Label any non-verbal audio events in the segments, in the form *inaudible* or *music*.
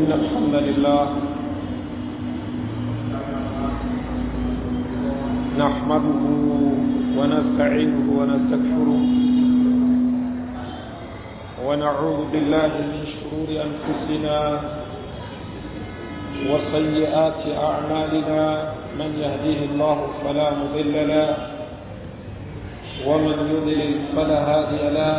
إن الحمد لله نحمده ونستعينه ونستكفره ونعوذ بالله من شرور أنفسنا وسيئات أعمالنا من يهديه الله فلا مضل له ومن يضلل فلا هادي له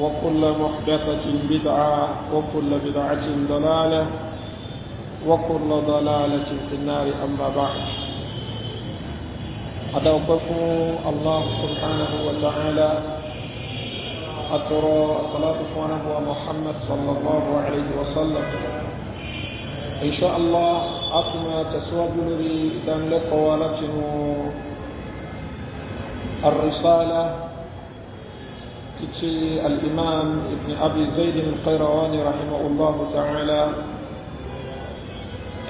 وكل محدثة بدعة وكل بدعة ضلالة وكل ضلالة في النار أما بعد أدعوكم الله سبحانه وتعالى أترى صلاة نبوة محمد صلى الله عليه وسلم إن شاء الله أتما تسوى بنري دم ولكن الرسالة تتشي الإمام ابن أبي زيد القيرواني رحمه الله تعالى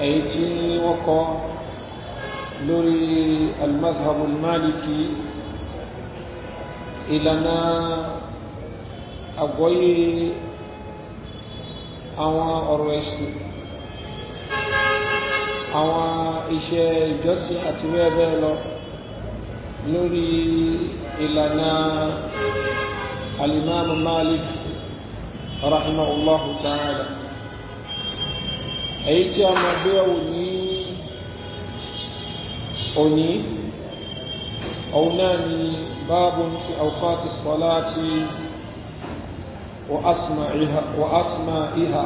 أيتي وقع لوري المذهب المالكي إلنا أقوي أوان أرويسي أوان إشي جوسي أتوي بيلو لوري إلنا الإمام مالك رحمه الله تعالى èyí tí a máa gbé wò ní òní òun náà ni báàbù fi àwòfáàtì sọláàtì wa asma'iha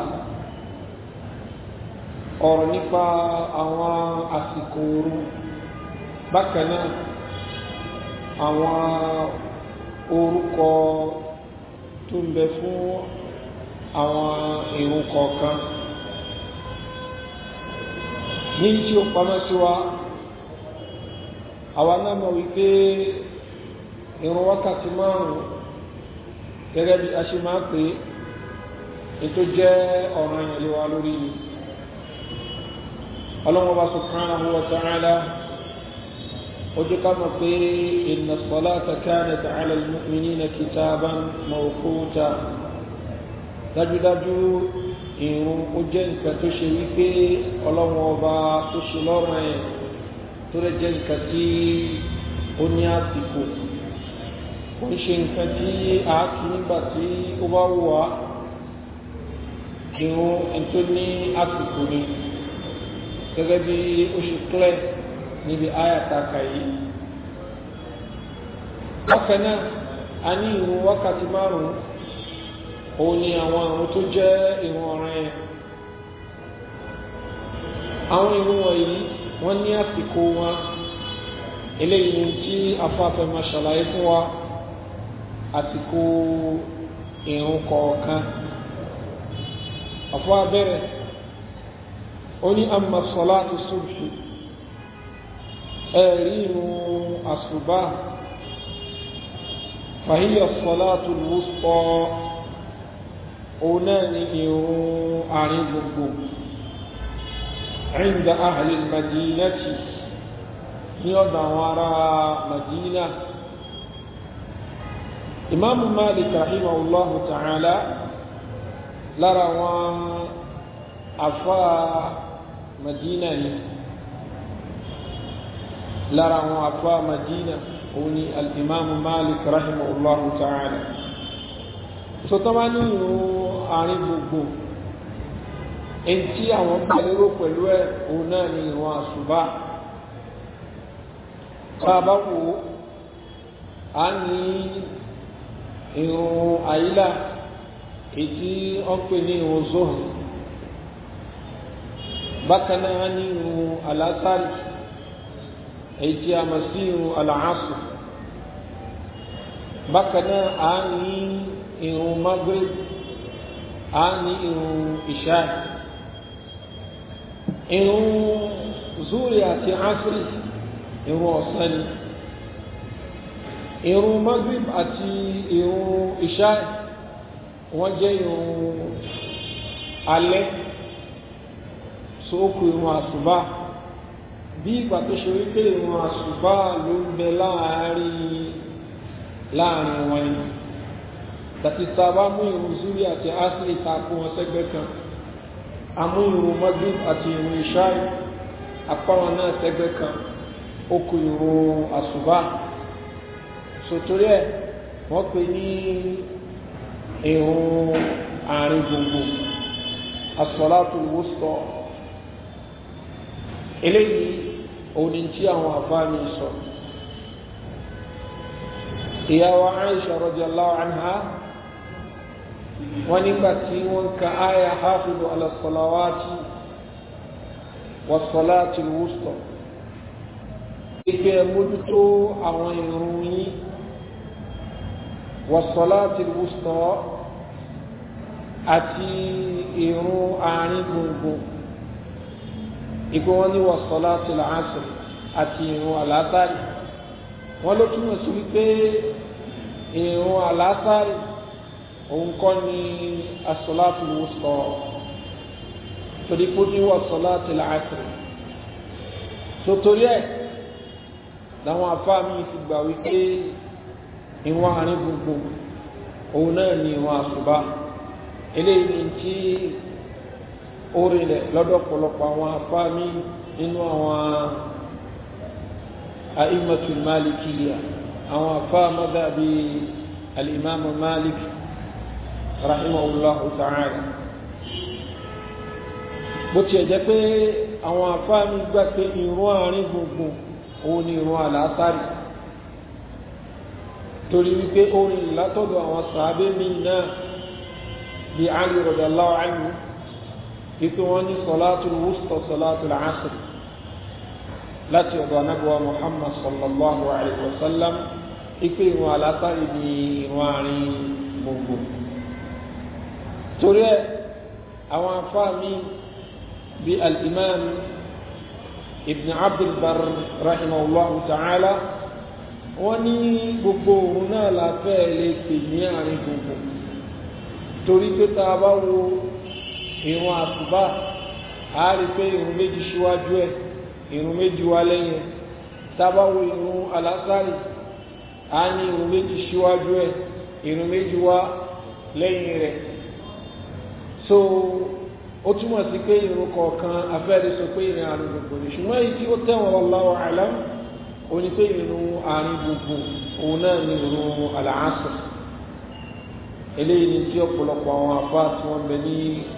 ọ̀rọ̀ nípa àwọn àsìkò ooru bákan náà àwọn orúkọ tó ń bẹ fún àwọn ìrun kọ̀ọ̀kan ní tí ó pamọ́ sí wa àwa náà mọ̀ wípé ìrun wákàtí márùn-ún gẹ́gẹ́ bí a ṣe máa ń pè é ètò jẹ́ ọ̀ràn ìyẹ̀lẹ́wà lórí ni ọlọ́mọba subhanahu wa ta'ala ojú ká mọ̀ pé inna salata kanat ala al-mu'minina kitaban mawquta dájúdájú ìrun ó jẹ́ nǹkan tó ṣe wípé ọlọ́run ọba tó ṣe lọ́rùn ẹ̀ tó lè jẹ́ nǹkan tí ó ní àsìkò kò ń ṣe nǹkan tí a kì nígbà tí ó bá wù wá ìrun ẹ̀ tó ní àsìkò ni gẹ́gẹ́ bí ó ṣe clear níbi ayataka yìí bákan náà a ní ìrun wákàtí márùn-ún òun ni àwọn àwọn tó jẹ́ ìrun ọ̀ràn yẹn àwọn ìrun wọ̀nyí wọ́n ní àsìkò wọn eléyìí tí afáfẹ́ máa ṣàlàyé fún wa àsìkò ìrun kọ̀ọ̀kan àfọ abẹ́rẹ́ ó ní àmà sọ́lá tó sóbì ẹ̀rí irun àṣùbá fàhíyà sọ́látù lùsọ òun náà ni irun àárín gbogbo عند أهل المدينة ní ọ̀dọ̀ àwọn ará Madina imaamu Malik rahimahullahu ta'ala lára àwọn afa Madina yìí lára àwọn afá madina òun ni al-imamu malik rahimahullahu ta'ala ìṣòtọ́ bá ní ìrún àárín gbogbo èyí tí àwọn gbàlérò pẹ̀lú ẹ̀ òun náà ni ìrún àṣùbá tá a a ní ìrún àyílà èyí tí wọ́n pè zohun bákan náà ní ìrún alásàrì èyí tí a mọ̀ sí irun alaasù bákan náà a ní irun magrib a ní irun ìṣá irun zuri àti asiri irun ọ̀sán ni irun magrib àti irun ìṣá wọ́n jẹ́ irun alẹ́ sókù irun àsùbá. So, bí ìgbà tó ṣe wípé ìrun àṣùbá ló ń bẹ láàárín láàárín wọn ni tàbí tá a bá mú ìrun zuri àti asli ta kó wọn sẹ́gbẹ́ kan a mú ìrun magrib àti ìrun ishai apá náà sẹ́gbẹ́ kan ó kù ìrun àṣùbá sòtórí ẹ̀ pè ní ìrun àárín gbogbo asọ́látù wọ́sọ̀ eléyìí òun ni tí àwọn àfáàmì sọ ìyàwó Aisha radiyallahu anha wọ́n nígbà tí wọ́n ka aya hafidu ala salawati wa salati wusta ìfẹ́ mójútó àwọn ìrun yín wa àti ìrun àárín gbùngbùn ikú wọn ní wọ́sọ̀lá ti là á sọ àti ìrún àlátàrí wọn ló túmọ̀ sí wípé ìrún àlátàrí òun kọ́ ni asọ̀lá tó wù sọ torí pé ó ní wọ́sọ̀lá ti là á sọ sotori ẹ làwọn afáàmì ti gbà wípé ìwọn àárín gbogbo òun náà ni ìwọn àṣùbà eléyìí ni tí. orí rẹ̀ awọn pọ̀lọpọ̀ àwọn afá a nínú àwọn a'immatul malikiyya àwọn afá madhabi al malik rahimahullahu ta'ala bó tiẹ̀ jẹ́ pé àwọn awọn gbà pé ìrun àárín gbùngbùn òun ni ìrun àlásàrì torí wípé orin látọ̀dọ̀ àwọn sàábé mi náà bí Ali ipò wọn ní sọláàtù wùsùtọ̀ sọláàtù làásìrì láti ọ̀dọ̀ anábọ̀wá muhammad sallallahu alayhi wa sallam ipò ìwọ̀n alásàrì ní ìwọ̀n àárín gbogbo torí ẹ àwọn afáàmì bíi al-imam ibn abdulbar rahimahullah ta'ala wọ́n ní gbogbo òun náà la lè pè ní àárín gbogbo torí pé tá a bá wo ìrun àsùbá a rí pé ìrun méjì ṣíwájú ẹ̀ ìrun méjì wá lẹ́yìn tábàwò ìrun alásàrì a ní ìrun méjì ṣíwájú ẹ̀ ìrun méjì wá lẹ́yìn rẹ̀ so ó túmọ̀ sí pé ìrun kọ̀ọ̀kan afẹ́rẹ́ sọ pé ìrìn àrùn gbogbo ni ṣùgbọ́n èyí tí ó tẹ̀wọ̀n wallahu a'lam ó pé ìrun àrùn gbogbo òun náà ní ìrun al eléyìí ni tí ọ̀pọ̀lọpọ̀ àwọn afá tí wọ́n bẹ ní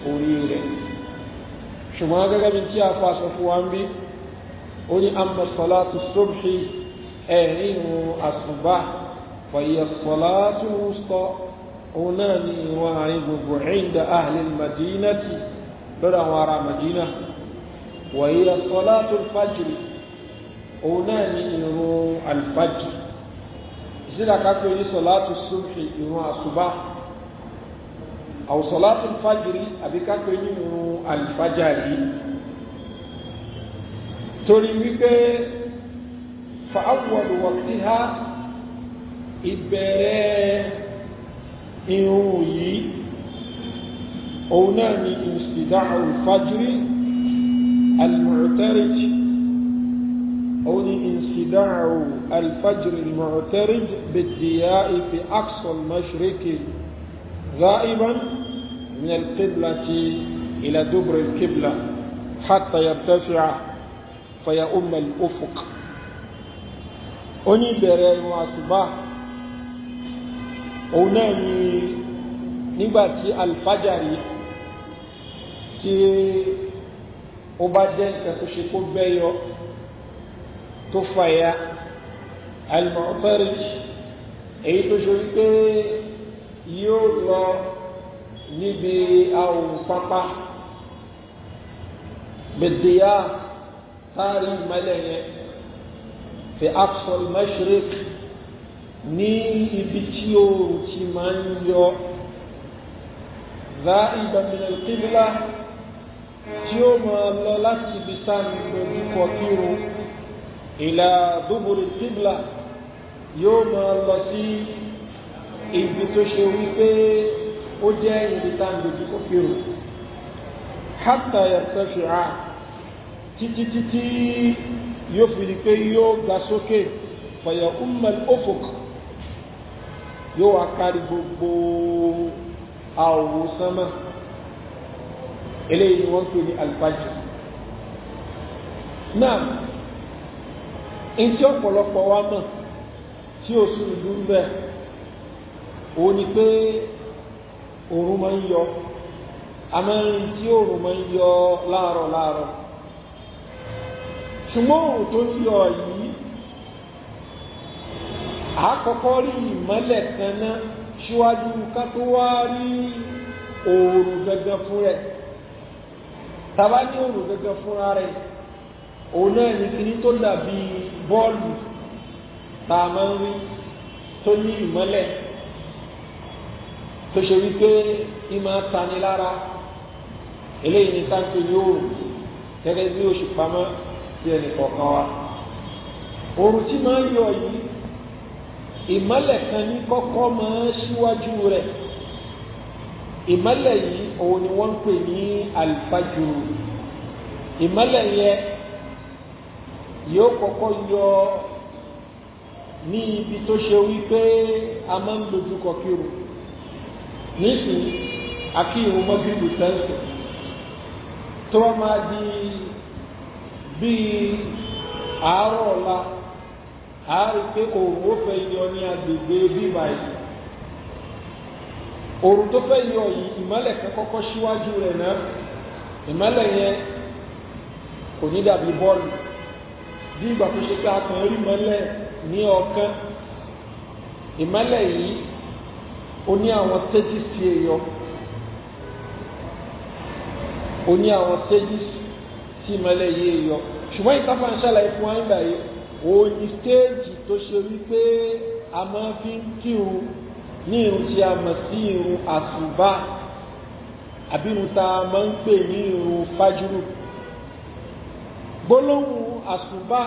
orí rẹ̀ ṣùgbọ́n gẹ́gẹ́ bí tí afá sọ fún wa ń bí ó ní amma salatu subhi ẹ̀rí ìrun àsùbá wàyẹ̀ salatu wusta òun náà ni ìrun àárín gbogbo inda ahli madinati lọ́dọ̀ àwọn ará madina wàyẹ̀ salatu fajiri òun náà ni ìrun alfajiri ìsìlàkà pé ní salatu subhi ìrun àsùbá أو صلاة الفجر أبيك كريم الفجر تريمك فأول وقتها إبرة إيوي أو نامي استدعاء الفجر المعترج أو انصداع الفجر المعترج بالضياء في أقصى المشرق غائبا من القبلة إلى دبر القبلة حتى يرتفع فيؤم الأفق أني بري وصباح أناني نباتي الفجر tí ó bá jẹ́ nǹkan tó ṣe kó bẹ́yọ níbi àwọn pápá bẹ̀dẹ̀yà táàrí ìmọ̀lẹ̀ yẹn fi aqsal mashriq ní ibi tí oòrùn ti máa ń yọ dha'iban min al-qibla tí ó máa lọ láti ibi sáàmì pẹ̀lú kọkírun ìlà duburi al yóò máa lọ sí ibi tó ṣe wípé ó jẹ́ ibi tá à ń dojú kó fi rò hátà yàtọ̀ ṣùgbọ́n títí títí yóò fi di pé yóò ga sókè fàyà umar ofok yóò wá kárí gbogbo àwòsánmá eléyìí wọ́n pè ní alifájì náà ntí ọ̀pọ̀lọpọ̀ wa mọ̀ tí o sùn dùn bẹ́ẹ̀ òun ni pé òòrùn máa ń yọ amẹ́rin tí òòrùn máa ń yọ láàárọ̀ láàárọ̀ ṣùgbọ́n òòrùn tó ń yọ yìí àkọ́kọ́ rí ìmọ́lẹ̀ kan náà ṣíwájú ká tó wá rí òòrùn gangan fún rẹ̀ tàbá ní òòrùn gangan fúnra rẹ̀ òun náà ní kíní tó dàbí bọ́ọ̀lù tá a máa ń rí tó ní ìmọ́lẹ̀ tó ṣe wípé ìmọ̀ tani lára eléyìí ní táǹkì ní òòrùn gẹ́gẹ́ bí oṣù pamọ́ sí ẹnì kọ̀ọ̀kan wa òòrùn tí máa ń yọ yìí ìmọ̀lẹ̀ kan ní kọ́kọ́ máa ń síwájú rẹ̀ ìmọ̀lẹ̀ yìí òun ni wọ́n ń pè ní alifájúrù ìmọ̀lẹ̀ yẹn yóò kọ́kọ́ yọ ní ibi tó ṣe wípé a máa ń dojúkọ kírun. nisso aqui uma tribo tanto troma de bi arola ari pe o o fe yoni agbegbe bi bai oru to fe yo yi imale ka koko siwaju re na imale yen ko ni da bi bol di igba to se ka kan ri imale ni okan imale yi ó ní àwọn stages tí èèyàn ó ní àwọn stages tí ìmọ̀lẹ̀ yìí èèyàn ṣùgbọ́n ìtafà ń ṣàlàyé fún wa nígbà yìí ó ní stage tó ṣe wípé a máa fi ń kírun ní irun tí a mọ̀ sí irun àsùbá àbí irun tá a máa ń pè ní irun fájúrù gbólóhùn àsùbá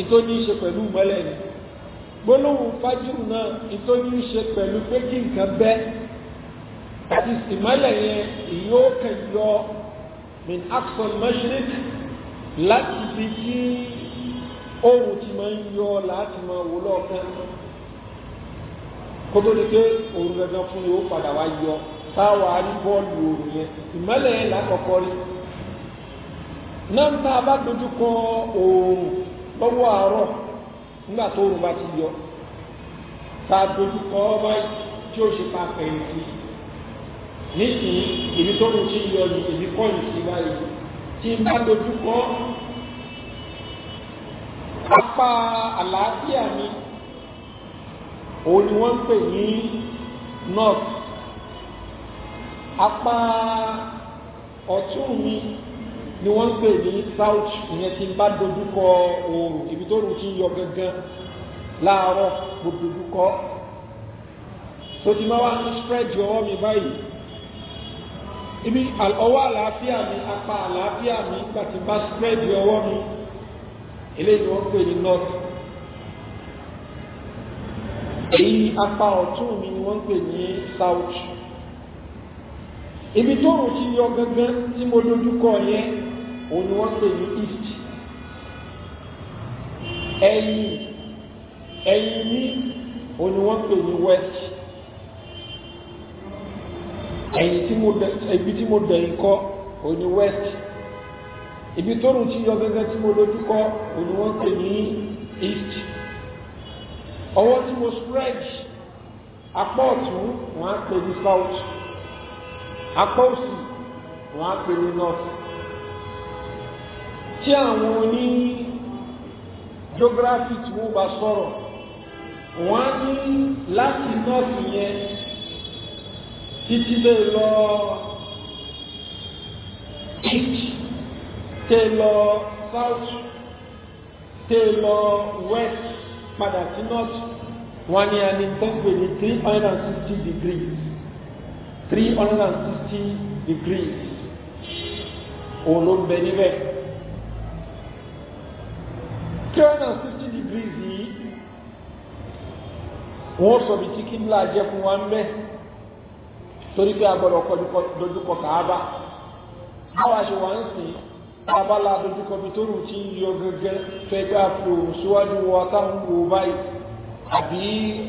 ètò pẹ̀lú ìmọ̀lẹ̀ ni gbólóhùn fájúrù náà ìtọ́jú ṣe pẹ̀lú pé kí nǹkan bẹ́ àti ìsìmọ́lẹ̀ yẹn yóò kàn yọ min aqsal mashriq láti fi kí ohun ti máa ń yọ láti máa wò lọ́ọ̀kan kótó ni pé òru gangan fún yóò padà wá yọ táwa rí bọ́ọ̀lù òru yẹn ìmọ́lẹ̀ yẹn lákọ̀ọ́kọ́ rí náà tá a bá dojú kọ oòrùn lọ́wọ́ àárọ̀ nígbà tó oòrùn bá ti yọ ta dojúkọ ọmọ tí ó ṣe pa fẹ̀yìntì nísìnyí èmi tó oòrùn ti yọ ni èmi kọ́ yìí sí báyìí tí n bá dojúkọ apá àlàáfíà mi òun ni wọ́n ń pè ní north apá ọ̀tún mi ni wọ́n ń pè ní south ìyẹn tí ń bá dojúkọ oòrùn ibi tó rùn ti ń yọ gangan láàárọ̀ mo dojúkọ so ti máa wá ń spread your ọwọ́ mi báyìí ibi ọwọ́ àlàáfíà mi apá àlàáfíà mi nígbà tí bá spread your ọwọ́ mi eléyìí wọ́n ń pè ní north èyí apá ọ̀tún mi ni wọ́n ń pè ní south ibi tó rùn ti yọ gangan tí mo dojúkọ yẹn òun ni wọ́n pè ní east ẹ̀yìn ẹ̀yìn ní òun ni wọ́n pè ní west ẹ̀yìn tí mo dẹ̀ ibi tí mo dẹ̀ yìí kọ́ òun ni west ibi tó rùn tí yọ gẹ́gẹ́ tí mo dojú kọ òun ni wọ́n pè ní east ọwọ́ tí mo spread apá ọ̀tún wọ́n á pè ní south apá òsì wọ́n á pè ní north tí àwọn oní geography tí wọ́n bá sọ̀rọ̀ wọ́n á ní láti north yẹn títí lè lọ east tè lọ south tè lọ west padà sí north wọ́n ní ẹni tẹ́gbẹ̀ẹ́ ní three hundred and sixty degrees three hundred and sixty degrees òun ló ń bẹ níbẹ̀ three hundred and fifty degrees yìí wọ́n sọ bí tí kíbla jẹ́ fún wa ń bẹ́ torí pé a gbọ́dọ̀ kọjúkọ dojúkọ kàába báwa ṣe wà ń sìn abala dojúkọ bí tó rù tí ń yọ gẹ́gẹ́ fẹ́ pé a síwájú wa táwọn wò báyìí àbí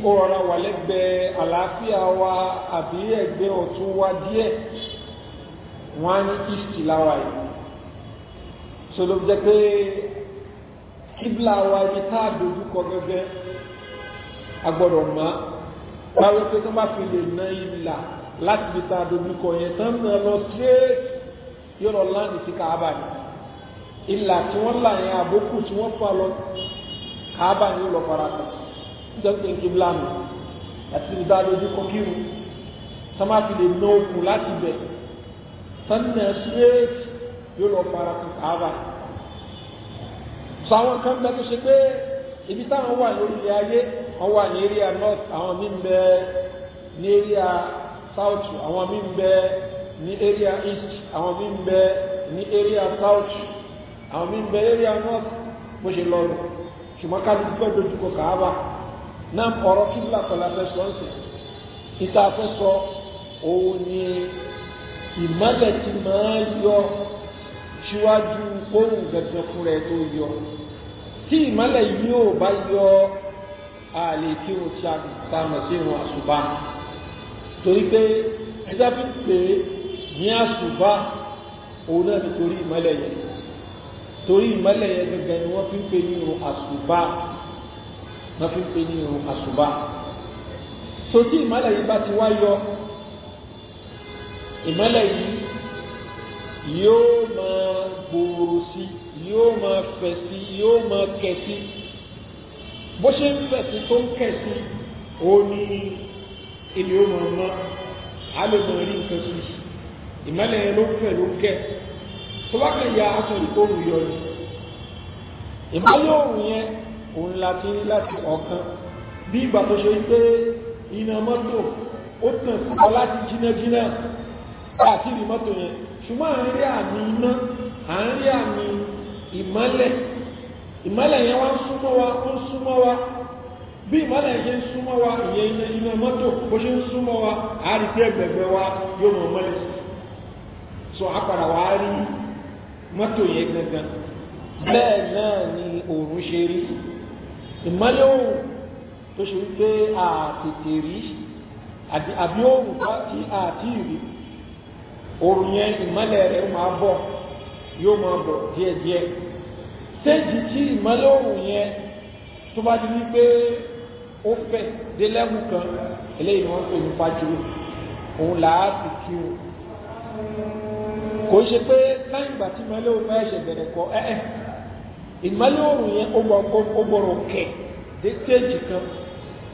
ó rọra wà lẹ́gbẹ̀ẹ́ àlàáfíà wa àbí ẹ̀gbẹ́ ọ̀tún wa díẹ̀ wọ́n á ní east láwa yìí so ló pé kíbla wa ibi tá a dojú kọ gẹ́gẹ́ a gbọ́dọ̀ mọ̀ báwo pé tó bá fi lè na ìlà láti ibi tá a dojú kọ yẹn tán na lọ straight yóò lọ láǹdì sí káàbà ni ìlà tí wọ́n là yẹn àbókù tí wọ́n fà lọ káàbà ni yóò lọ fara kan nítorí pé mi àti ibi tá a dojú kọ kírun fi lè na okùn láti bẹ̀ tán na straight yóò fara kan káàbà ni sọ àwọn kan bẹ tó ṣe pé ibi táwọn wà lórí ilẹ̀ ayé wọ́n wà ní area north àwọn míì ń bẹ ní area south àwọn míì ń bẹ ní area east àwọn míì ń bẹ ní area south àwọn míì ń bẹ area north bó ṣe lọ rò ṣùgbọ́n kálukú fẹ́ dojúkọ kàába náà ọ̀rọ̀ kíbla kọlá fẹ́ sọ ń sè ìta fẹ́ sọ òun ni ìmọ̀lẹ̀ ti máa yọ síwájú ohun gẹ̀gẹ̀ fún rẹ̀ tó yọ tí ìmọ́lẹ̀ yìí ò bá yọ àlè kí o ti àtàmọ̀ sí ìrun àṣùbá torí pé ẹjá fi ń pè é ní àṣùbá òun náà nítorí ìmọ́lẹ̀ yẹn torí ìmọ́lẹ̀ yẹn gẹ́gẹ́ ni wọ́n fi ń pè ní ìrun àṣùbá wọ́n fi ń pè ní ìrun àṣùbá so tí ìmọ́lẹ̀ yìí bá ti wá yọ ìmọ́lẹ̀ yìí yóò máa gbòòrò sí yóò máa fẹ̀ sí yóò máa kẹ̀ sí bó ṣe ń fẹ̀ sí tó ń kẹ̀ sí òun ni ilé ó máa mọ́ àlejò rí nǹkan sí ìmọ̀lẹ̀ ló fẹ̀ ló kẹ̀ tó bá kàn ya aṣọ ìkóhùn yọ ni ìmọ̀lẹ̀ òun yẹn òun la ti rí láti ọ̀kan bí ìgbà tó ṣe pé iná mọ́tò ó tàn sí ọ láti jìnnàjìnnà láti rí mọ́tò yẹn ṣùgbọ́n à ń rí àmì iná à ń rí àmì ìmọ́lẹ̀ ìmọ́lẹ̀ yẹn wá ń súnmọ́ wa ń súnmọ́ wa bí ìmọ́lẹ̀ yẹn ń súnmọ́ wa ìyẹn iná iná mọ́tò bó ṣe ń súnmọ́ wa á rí pé ẹgbẹ̀gbẹ̀ wa yóò mọ̀ mọ́lẹ̀ sí so á padà wá rí mọ́tò yẹn gangan bẹ́ẹ̀ náà ni òòrùn ṣe rí ìmọ́lẹ̀ òòrùn tó ṣe wípé àtètè rí àbí òòrùn tí àti rí òrùn yẹn ìmọ́lẹ̀ rẹ̀ máa bọ̀ yóò máa bọ̀ díẹ̀díẹ̀ séèjì tí ìmọ́lẹ̀ òrùn yẹn tó bá di wípé ó fẹ̀ dé lẹ́wù kan eléyìí wọ́n pè ní fájúrò òun làá sì kí o kò ṣe pé láyìn ìgbà tí ìmọ́lẹ̀ òrùn máa ṣẹ̀ bẹ̀rẹ̀ kọ ẹ́ẹ̀ ìmọ́lẹ̀ òrùn yẹn ó gbọ́rọ̀ kẹ̀ dé séèjì kan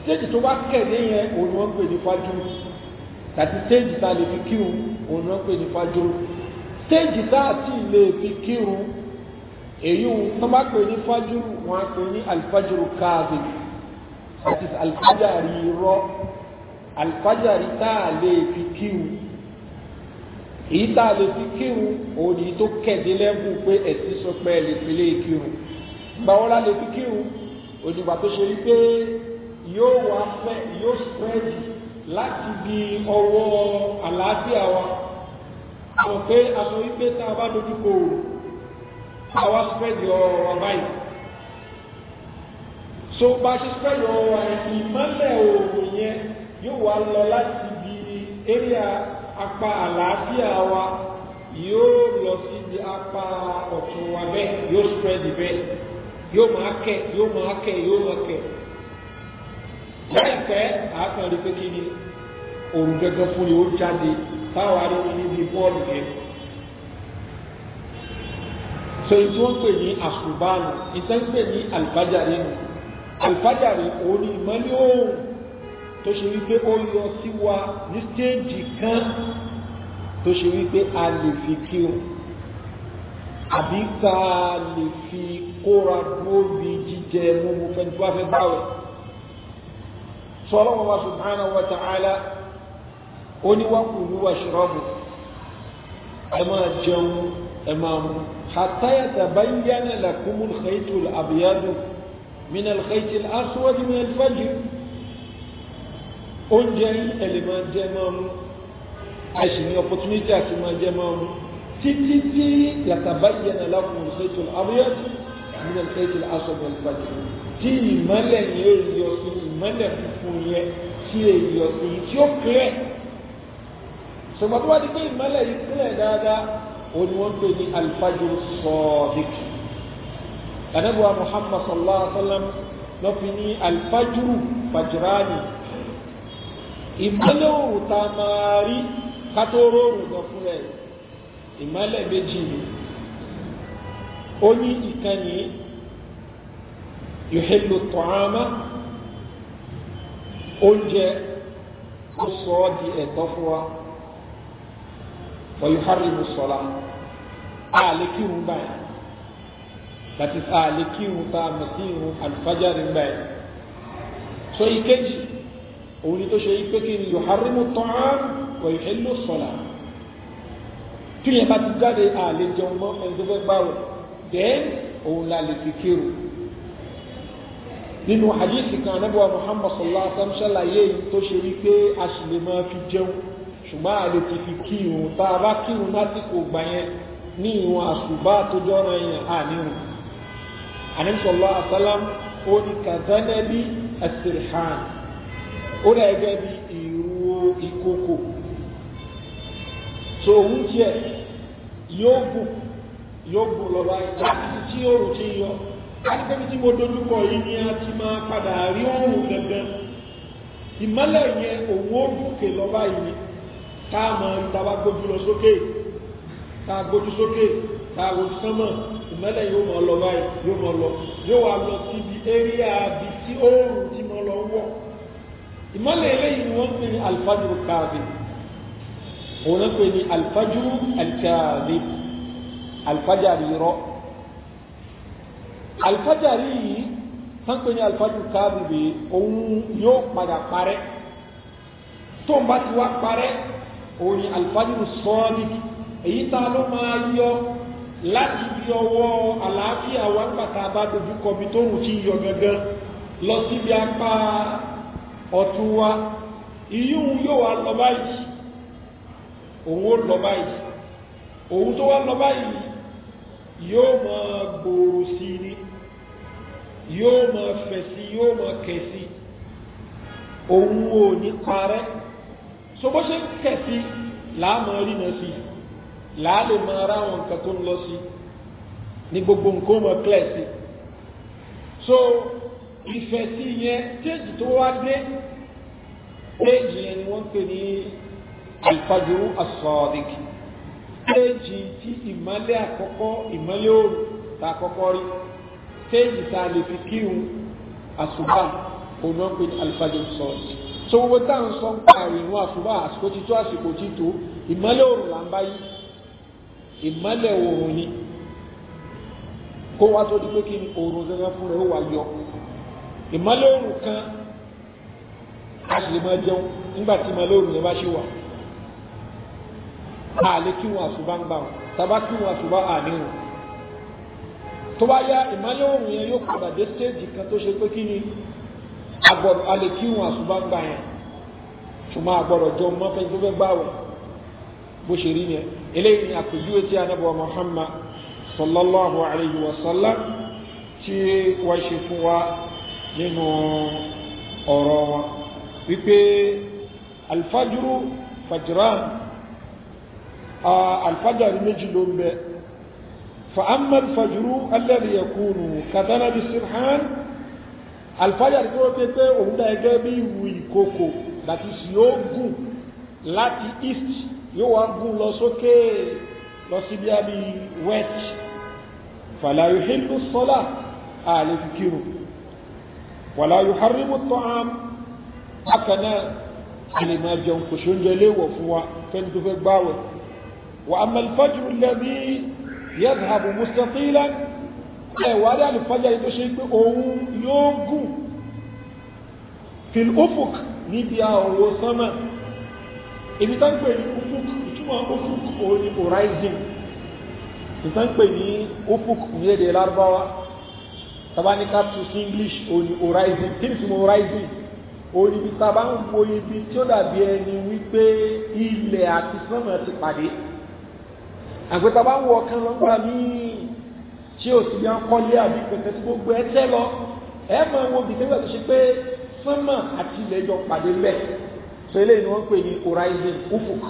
séèjì tó bá kẹ̀ dé òun wọ́n pè ní fájúrò tàbí séèjì tá lè fi kí o òun náà pè ní fájò stéèjì tá a ti lè fi kírun èyí wọn bá pè ní fájò wọn á pè ní alifájò káàdì àti alifájàrí rọ alifájàrí tá a lè fi kírun èyí tá a lè fi kírun òun yìí tó kẹ̀dé lẹ́gùn pé ẹ̀sìn sọ pé ẹ̀ lè fi lè kírun gbàwọ́ la lè fi kírun òdìgbà tó ṣe wípé yóò wá fẹ́ yóò spread láti bí ọwọ́ àlàáfíà wa àwọn pé aṣọ wípé tá a bá dojú kò àwa spread ọ̀rọ̀ wa báyìí so bá ṣe spread ọ̀rọ̀ wa ìmọ́lẹ̀ oògùn yẹn yóò wá lọ láti ibi area apá àlàáfíà wa yóò lọ sí ibi apá ọ̀tún wa bẹ́ẹ̀ yóò spread bẹ́ẹ̀ yóò máa kẹ̀ yóò máa kẹ̀ yóò máa kẹ̀ láìpẹ́ àákan rí pé kí ni òrùn gẹ́gẹ́ fún ni jáde táwa rí wọn níbi bọ́ọ̀lù yẹn so n tí wọ́n pè ní àṣùbánu ìtàn pè ní àlùfájàre nù àlùfájàre òun ni ìmọ́lẹ̀ oòrùn tó ṣe wípé ó yọ sí wa ní stéèjì kan tó ṣe wípé a lè fi kírun àbí ká a lè fi kóra dúró bí jíjẹ mímu fẹni tó bá fẹ́ báwẹ̀ sọlọ́wọ́n wa subhanahu wa ta'ala ó ní wọ́n kúrú wàṣírọ́bù ẹ máa jẹun ẹ máa mú hàtáyàtà báyìí yánà làkúmù lẹ́yìtù àbíyádù mìnà lẹ́yìtù aṣọ́wọ́dì mìnà fàjì oúnjẹ ẹ lè máa jẹ máa mú a sì ní opportunity àti máa jẹ máa mú títí tí yàtàbáyẹnà lákùnrin lẹ́yìtù àbíyádù mìnà lẹ́yìtù aṣọ́wọ́dì mìnà fàjì tí ìmọ́lẹ̀ yẹn yọ sí ìmọ́lẹ̀ funfun yẹn tí èyí yọ sí tí ó kílẹ̀ ṣùgbọ́n tó wá di pé ìmọ́lẹ̀ yìí sílẹ̀ dáadáa ó ní wọ́n pè ní alifájú sọ́ọ̀dìk anabuwa muhammad sallallahu alaihi wa sallam ló fi ní alifájú fàjìránì ìmọ́lẹ̀ òòrùn tá a máa rí kátó róòrùn gan fúnra ẹ̀ ìmọ́lẹ̀ méjì ni ó ní ìkànnì yòhélò tọ́hámà oúnjẹ ó sọ ọ́ di ẹ̀tọ́ fún wa wọ̀yùhárìmù sọ̀la àlè kírun báyìí láti àlè kírun tá a mọ̀ sí irun àlùfájàre báyìí sọ ìkejì òun ni tó ṣe yí pé kí ni yùhárìmù tọ́hán wọ̀yùhẹ́lò sọ̀la tí yẹn bá ti jáde àlè jẹun mọ́ ẹni tó fẹ́ báwò dẹ́ òun la lè fi kírun nínú hadith kan anábọ̀ muhammad sallallahu alaihi wa sallam ṣàlàyé yìí tó ṣe wípé a sì lè máa fi jẹun ṣùgbọ́n àlè ti fi kí irun tá a bá kí irun lásìkò gbà yẹn ní ìwọn àṣùbá tó jọ́ra yẹn àníhùn àníṣọ́lá àsálám ó ní kàdánẹ́lì àṣìrìhàn ó dà gẹ́gẹ́ bí ìró ìkókò tó òun tiẹ̀ yóò gùn yóò gùn lọ́ba láti tí òòrùn ti yọ akẹ́kẹ́ tí mo dojúkọ yìí ni a ti máa padà rí òòrùn gangan ìmọ́lẹ̀ yẹn òun ó dùnkè lọ́ba yìí táàmà ìtawà gbójú lọ sókè táà gbójú sókè táà wò sánmọ̀ ìmọ́lẹ̀ yóò mọ̀ lọ báyìí yóò mọ̀ lọ yóò wà lọ síbi éríà bí tí oòrùn ti mọ̀ lọ wọ̀ ìmọ́lẹ̀ eléyìí ni wọ́n ń pè ní alifájúrú káàbì òun náà pè ní alifájúrú alikáàbì alifájàrí rọ alifájàrí yìí wọ́n pè ní alifájúrú káàbì bẹ́ẹ̀ òun yóò padà parẹ́ tó ń bá ti wá parẹ́ òun ni alifájìrù sọ́ọ́dì èyí tá a ló máa yọ láti bí ọwọ́ àlàáfíà wa ń bàtà bá dojú kọ bí tóun ti yọ gangan lọ síbi apá ọ̀tún wa ìyíhun yóò wá lọ báyìí òun ó lọ báyìí òun tó wá lọ báyìí yóò máa gbòòrò sí i ni yóò máa fẹ̀ sí yóò máa kẹ̀ sí òun ò ní parẹ́ so bó ṣe ń kẹ̀sí láàmú rí náà sí láàlè máa ráwọn nǹkan tó ń lọ sí ní gbogbo nǹkan mọ̀ clear sí so ìfẹ́ sí yẹn téèjì tó wá dé téèjì yẹn ni wọ́n ń pè ní alifajuru asọ́ọ̀dìkì téèjì tí ìmọ́lẹ̀ àkọ́kọ́ ìmọ́lẹ̀ òru tá àkọ́kọ́ rí téèjì tá a lè fi kírun àsùbá òun náà pè ní alifajuru sọ́ọ̀dìkì so gbogbo tá à ń sọ ń pa ìrìn àsùbá àsìkò títú àsìkò títú ìmọ́lẹ̀ òrùn là ń bá yí ìmọ́lẹ̀ òrùn ni kó wá tó di pé kí ni òrùn gẹ́gẹ́ fún rẹ̀ ó wà yọ ìmọ́lẹ̀ òrùn kan a sì lè máa jẹun nígbà tí ìmọ́lẹ̀ òrùn yẹn bá ṣe wà a lè kí wọn àsùbá ń gbà wọn tàbá kí wọn àsùbá àní wọn tó bá yá ìmọ́lẹ̀ òrùn yẹn yóò padà dé stéèjì kan tó ṣe pé kí ni agbọ́dọ̀ alẹ́ kí wọn àṣùbá ń gbà yẹn ṣùgbọ́n agbọ́dọ̀ jọ mọ́fẹ́ tó fẹ́ gbàwẹ̀ bó ṣe rí yẹn eléyìí ni àpèjúwe tí anábọ̀ Muhammad sallallahu alayhi wa sallam tí wọ́n ṣe fún wa nínú ọ̀rọ̀ wọn wípé alfajuru fajran alfajar méjì ló ń bẹ fa amma alfajuru alladhi yakunu kadhana bisirhan alifájà tó dé pé òun dá ẹgẹ́ bí ìwù ìkòkò that is yóò gùn láti east yóò wá gùn lọ sókè lọ sí bí west fàlàyé hindu sọlá àlè kíkirù wàlàyé harimu tọ́ám akànáà àlè máa jẹun kò ṣoúnjẹ léèwọ̀ fún wa fẹ́ni tó fẹ́ gbáwẹ̀ wà á mẹ́lifájú lẹ́bí yẹ́dhàbù mustatilan ẹ̀wárí àlùfájà yìí tó ṣe pé òun yóò gùn fil ufuk níbi àwọ̀ sánmà ibi tá ń pè ní ufuk ìtumọ̀ ufuk òun ni horizon ìtàn pè ní ufuk ní èdè lárúbáwá tàbá ní capsule english òun ni horizon kí ni tí horizon òun ibi tàbá ń wo ibi tí ó dàbí ẹni wípé ilẹ̀ àti sánmà ti pàdé àgbẹ̀tàbá ń wọ ọ̀kan lọ́gbà tí o sì yàn kọ́lé àbí pẹ̀tẹ́ tí gbogbo ẹ tẹ́ lọ ẹ máa wo bìtẹ́ wẹ̀ tó ṣe pé sánmà àti ilẹ̀ jọ pàdé bẹ́ẹ̀ so eléyìí ni wọ́n pè ní horizon ufuk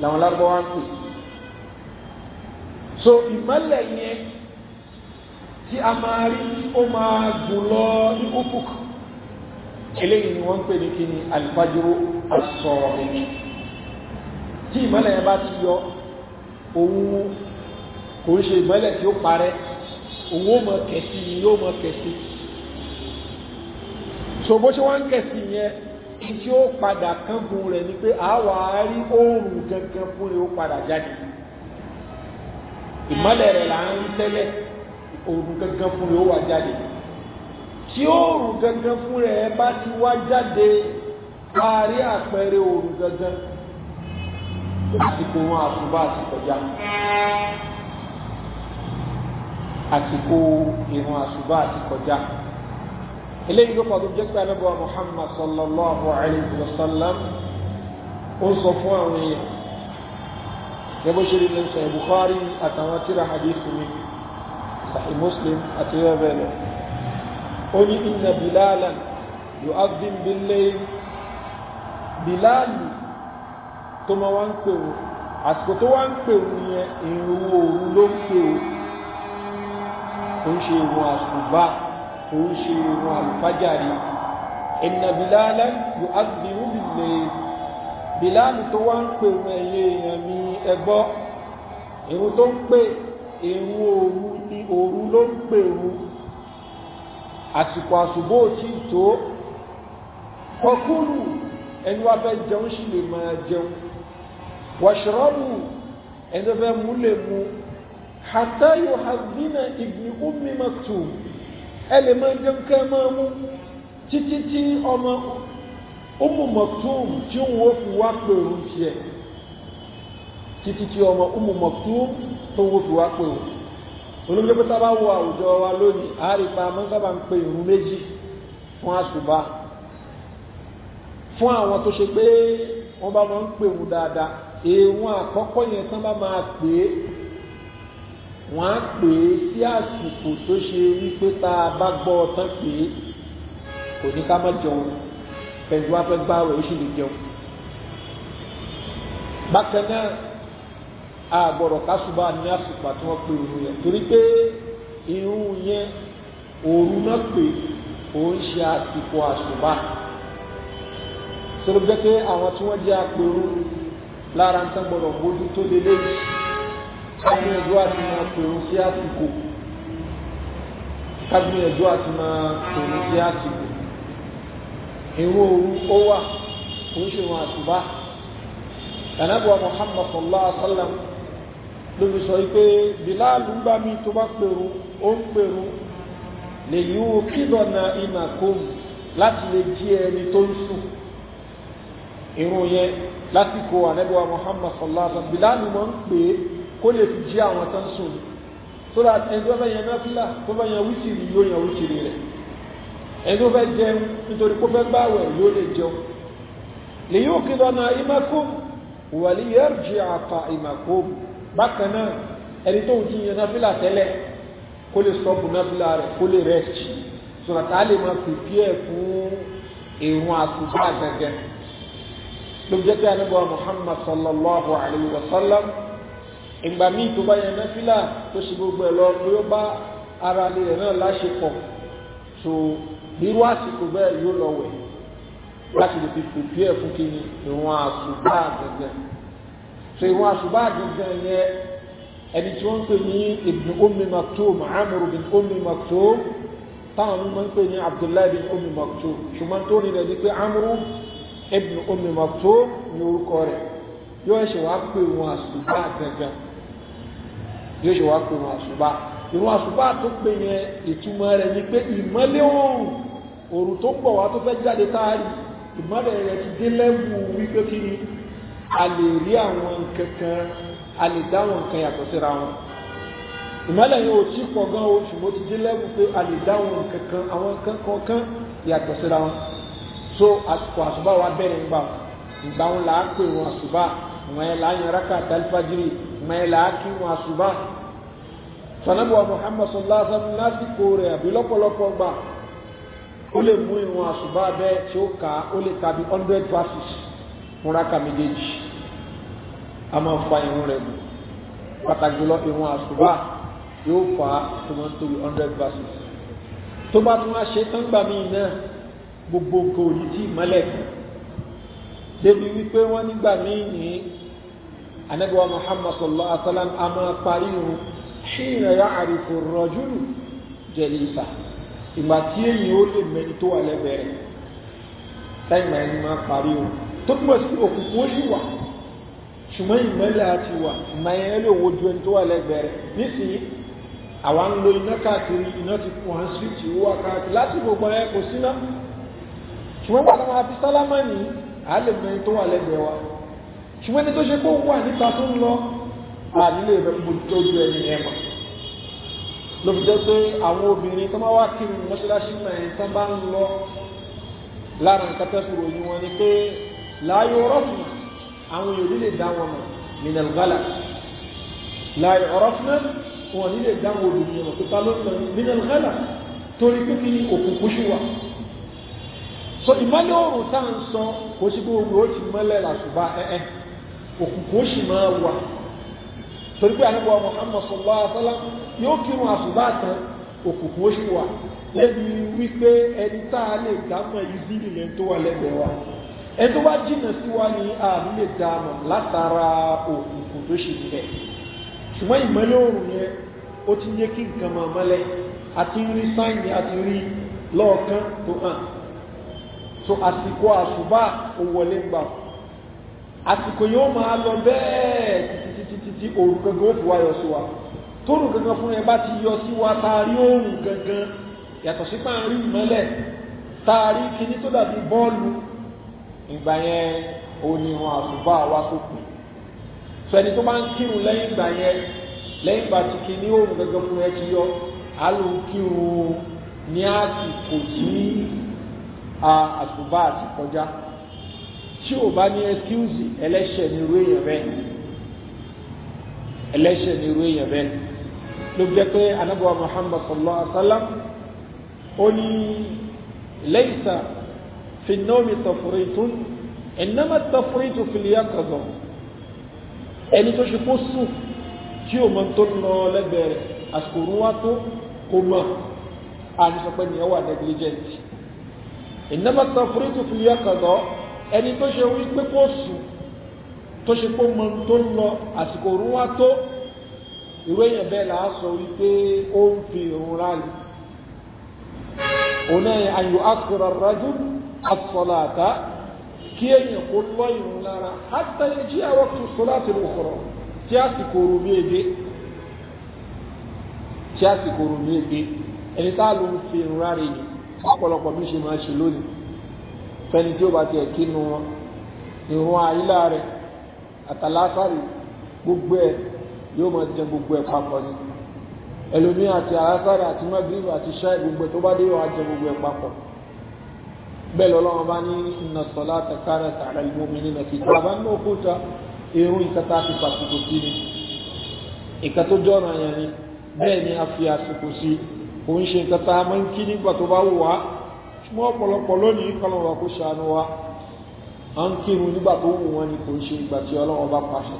làwọn lárúbáwá ń pè so ìmọ̀lẹ̀ yẹn tí a máa rí ó máa gùn lọ ní ufuk eléyìí ni wọ́n ń pè ní kíni alifajoro asọ̀rọ̀ mi tí ìmọ̀lẹ̀ yẹn bá ti yọ òun kò ń ṣe ìmọ̀lẹ̀ tí ó parẹ́ owó mọ kẹsì yóò mọ kẹsì so bó ṣe wá ń kẹsì yẹn tí ó padà kángun rẹ̀ ni pé àwa rí oòrùn gangan fún rẹ̀ ó padà jáde ìmọ́lẹ̀ rẹ̀ là ń tẹ́lẹ̀ oòrùn gangan fún rẹ̀ ó wà jáde tí oòrùn gangan fún rẹ̀ bá ti wá jáde wá rí àpẹẹrẹ oòrùn gangan àsìkò wọn àtúbà àti kọjá àsìkò ìrun àṣùbà àti kọjá eléyìí ló pàdé jẹ́ pé anábọ̀ Muhammad sallallahu alayhi wa sallam ó sọ fún àwọn èèyàn gẹ́gbẹ́ ṣe rí ní sọ Bukhari àtàwọn tíra hadith mi sahih Muslim àti rẹ́bẹ̀ lọ ó ní inna Bilalan yu'adhdhin bil-layl Bilali tó máa wá ń pè wò àsìkò tó wá ń pè wò yẹn ìrìn òru ló ń pè wò kò ń ṣe ìrun àsùbá kò ń ṣe ìrun àlùfájàrí inna Bilala yu'adhdhiru bil-layl Bilalu tó wá ń pè wọn ẹ̀yẹ èèyàn mi ẹgbọ́ ìrun tó ń pè ìrun òru ni òru ló ń pè wọn àsìkò àsùbá tí ì tó kọkúrú ẹni wá fẹ́ jẹun sì lè máa jẹun washrabu ẹni tó fẹ́ mú lè mú hata yohazina ibni ummi maktum ẹlẹ máa jẹ nǹkan máa mú títí tí ọmọ ummu maktum tí ń wo fi wá pèrò tiẹ títí tí ọmọ ummu maktum tó ń wo fi wá pèrò olùdókòwò sábà wo àwùjọ wa lónìí àárípa máa sábà ń pe ìrun méjì fún àsùbá fún àwọn tó ṣe pé wọ́n bá máa ń pè wù dáadáa èèwọ̀n àkọ́kọ́ yẹn tán bá máa pè é wọ́n á pè é sí àsìkò tó ṣe wípé tá a bá gbọ́ ọtán pé kò ní ká má jẹun pẹ̀lú wá fẹ́ gbá rẹ̀ ó sì lè jẹun. bákan náà a gbọ́dọ̀ kásùbà ní àsìkò àti wọ́n pè òru yẹn torí pé irun yẹn òru náà pè òun ṣe àsìkò àsùbà sọlọ́jọ́ àwọn tí wọ́n jẹ́ àpérò lára ń tán gbọ́dọ̀ mójútó lélẹ́yìn kábíyànjú àti máa pèrò sí àsìkò kábíyànjú àti máa pèrò sí àsìkò ìwọ òru ó wà kò ń ṣe wọn àtúbá ẹ̀nàbọ̀ Muhammad sallallahu alaihi wasallam ló fi sọ pé Bilalu ń bá mi tó bá pèrò ó ń pèrò lè yíwò kídọ̀nà ìmàkóhùn láti lè jí ẹni tó ń sùn ìrun yẹn lásìkò ànẹ́bọ̀ Muhammad sallallahu alaihi wasallam Bilalu máa ń pè é kó lè fi jí àwọn tán sùn tó la ẹni tó fẹ́ yẹn náfìlà tó fẹ́ yẹn wítìrì yóò yẹn wítìrì rẹ̀ ẹni tó fẹ́ jẹun nítorí kó fẹ́ gbàwẹ̀ yóò lè jẹun lè yóò kí lọ́nà imakum wàlí yẹ́rùjì àpà imakum bákan náà ẹni tó ń jí yẹn náfìlà tẹ́lẹ̀ kó lè sọ́ọ̀bù náfìlà rẹ̀ kó lè rest so that a lè máa pèpì ẹ̀ fún ìrun àsùbá gẹ́gẹ́ ló jẹ́ pé anábọ̀ Muhammad sallallahu alayhi wa sallam ìgbà míì tó bá yẹn náfìlà tó ṣe gbogbo ẹ̀ lọ ló yóò bá ara lè rẹ̀ náà láṣepọ̀ so irú àsìkò bẹ́ẹ̀ yóò lọ wẹ̀ láti lè fi pèpè ẹ̀ fún kíni ìwọ̀n àṣùbá àgẹ̀gẹ̀ so ìwọ̀n àṣùbá àgẹ̀gẹ̀ yẹn ẹni tí wọ́n ń pè ní ibn ummi maktoum amr ibn ummi maktoum táwọn ọmọ máa ń pè ní abdullahi ibn ummi maktoum ṣùgbọ́n tó rí rẹ̀ ni pé amr ibn ummi maktoum ní orúkọ rẹ̀ yóò ṣe wá pé wọn àṣùbá àgẹ̀gẹ̀ yóò ṣe wá pé wọn àṣùbá ìrun àṣùbá tó pè yẹn ìtumọ̀ rẹ̀ ni pé ìmọ́lẹ̀ oòrùn oòrùn tó pọ̀ wá tó fẹ́ jáde táàrí ìmọ́lẹ̀ rẹ̀ ti dé lẹ́wù wípé kí ni a lè rí àwọn nǹkan kan a lè dá àwọn nǹkan yàtọ̀ síra wọn ìmọ́lẹ̀ yẹn ò tí pọ̀ gan o ṣùgbọ́n ti dé lẹ́wù pé a lè dá àwọn nǹkan kan àwọn nǹkan kọ̀ọ̀kan yàtọ̀ síra wọn so àsìkò àṣùbá wa bẹ̀rẹ̀ ń gbà ìgbà wọn là á pè wọn àṣùbá wọn yẹn là á yan rákà tálífàjírì mẹ́lá kírun àṣùbá sanabuwa muhammad sallallahu alaihi wa sallam lásìkò rẹ̀ àbí lọ́pọ̀lọpọ̀ gbà ó lè mú ìrun àṣùbá bẹ́ẹ̀ tí ó kà ó lè ka bí hundred verses múra ka méjèèjì a máa fa ìrun rẹ̀ bù pàtàkì jùlọ ìrun àṣùbá yóò fa tó máa ń tóbi hundred verses tó bá tún wá ṣe tán gbà gbogbo nǹkan ò ní tí ì mọ́lẹ̀ débi wípé wọ́n anabiwa muhammad sallallahu alaihi wa sallam a máa parí irun ṣìnà yá àrífò rọjúlù jẹlisa ìgbà tí èyí ó lè mẹni tó wà lẹ́bẹ̀rẹ̀ táìmà ẹni máa parí irun tó túnbọ̀ sí òkùnkùn ó sì wà ṣùgbọ́n ìmọ́lẹ̀ àti wà ìmọ̀ ẹ̀ lè wojú ẹni tó wà lẹ́bẹ̀rẹ̀ nísìnyí àwa ń lo iná káàkiri iná ti kún àwọn síríìtì owó àkáàkiri láti gbogbo ẹ kò síná ṣùgbọ́n pàtàkì àfi sálámà ní àálẹ̀ mẹ́rin tó wà lẹ́gbẹ̀ẹ́ wa ṣùgbọ́n ẹni tó ṣe kó wà níta tó ń lọ ànílé rẹ̀ gbòdójú ẹni yẹn mọ̀ ló fi jẹ́ pé àwọn obìnrin tó máa wá kiri mọ́ṣáláṣí náà tán bá ń lọ lára nǹkan tó fi ròyìn wọn ni pé láàyò ọ̀rọ̀fùnà àwọn èèyàn nílé dá wọn mọ̀ minal gala láàyò ọ̀rọ̀fùnà wọn nílé dá wọn obìnrin mọ̀ pípa ló ń lọ minal torí pé kí ni òkùnkùn ṣì wà so ìmọ́lẹ̀ òòrùn tá à ń sọ kò sí gbogbo ó ti mọ́lẹ̀ làṣùbà ẹ̀ẹ́ òkùnkùn ó sì máa wà torí pé àníbọ̀ Muhammad sallallahu alaihi wasallam yóò kírun àsùbá tán òkùnkùn ó sì wà lẹ́bi wípé ẹni tá a lè dámọ̀ ìzí ilẹ̀ tó wà lẹ́gbẹ̀ẹ́ wa ẹni tó bá jìnà sí wa ni a lè dámọ̀ látara òkùnkùn tó ṣe nílẹ̀ ṣùgbọ́n ìmọ́lẹ̀ oòrùn yẹn ó ti yé kí nǹkan máa mọ́lẹ̀ àti rí sáìnì àti rí lọ́ọ̀kan tó hàn so àsìkò àsùbá ó wọlé gbà fún àsìkò yóò máa lọ bẹ́ẹ̀ títí òòrùn gangan ó fi wá yọ sí wa tóòrùn gangan fún ẹ bá ti yọ sí wa taari òòrùn gangan yàtọ̀ sí pé à ń rí ìmọ́lẹ̀ taari kíní tó dàbí bọ́ọ̀lù ìgbà yẹn onírun àsùbá wa tó kù sọ tó bá ń kírun lẹ́yìn ìgbà yẹn lẹ́yìn ìgbà tí kíní òòrùn gangan fún ẹ ti yọ á kírun ní àsìkò tí àsùbá ti kọjá tí o bá ní ẹsíwùsì ẹlẹ́ṣẹ̀ ní irú èèyàn bẹ́ẹ̀ ẹlẹ́ṣẹ̀ ní irú èèyàn bẹ́ẹ̀ ló jẹ́ pé anábọ̀ Muhammad sallallahu alaihi wa sallam ó ní laysa fi an-nawmi tafritun innama at-tafritu fil-yaqظah ẹni tó ṣe kó sùn tí o mọ̀ tó lọ lẹ́gbẹ̀ẹ́ àsìkò òun wá tó kò mọ̀ àti sọ pé ni wà negligent innama at-tafritu fil-yaqظah ẹni tó ṣe wí pé kó sùn tó ṣe pé mọ tó ń lọ àsìkò òun wá tó ìwé yẹn bẹ́ẹ̀ là á sọ wípé ó ń fi òun ráàlì òun náà àyò àkùrọ̀ rájú àsọ̀làtà kí èèyàn kó lọ ìrùn lára àtàyè jí àwọn tó sọ láti lò sọ̀rọ̀ tí àsìkò òun bí èdè tí àsìkò òun bí èdè ẹni tá a lò ń fi òun ráàlì yìí ọ̀pọ̀lọpọ̀ mi ṣe máa ṣe lónìí fẹ́ni tí ó bá tiẹ̀ kí nu wọn ìrún àyílá rẹ̀ àtàlásàrì gbogbo ẹ̀ yóò máa jẹ gbogbo ẹ̀ papọ̀ ni ẹlòmí àti àlásàrì àti magrib àti ṣáì gbogbo ẹ̀ tó bá dé yóò wá jẹ gbogbo ẹ̀ papọ̀ bẹ́ẹ̀ lọ́lọ́wọ́n bá ní inna salata kanat ala al-mu'minina kitaban mawquta irun ìkàtà àti pàṣípò sí ni ìkà tó jọ́ràn yẹn ni bẹ́ẹ̀ ni a fi àsìkò sí òun ṣe ìkàtà máa ń kí nígbà tó bá wù wá mọ́ ọ̀pọ̀lọpọ̀ lónìí kọlọ̀wà kó ṣàánú wa a ń kírun nígbà tó wù wọn ni kò ṣe ìgbà tí ọlọ́wọ́ bá pàṣẹ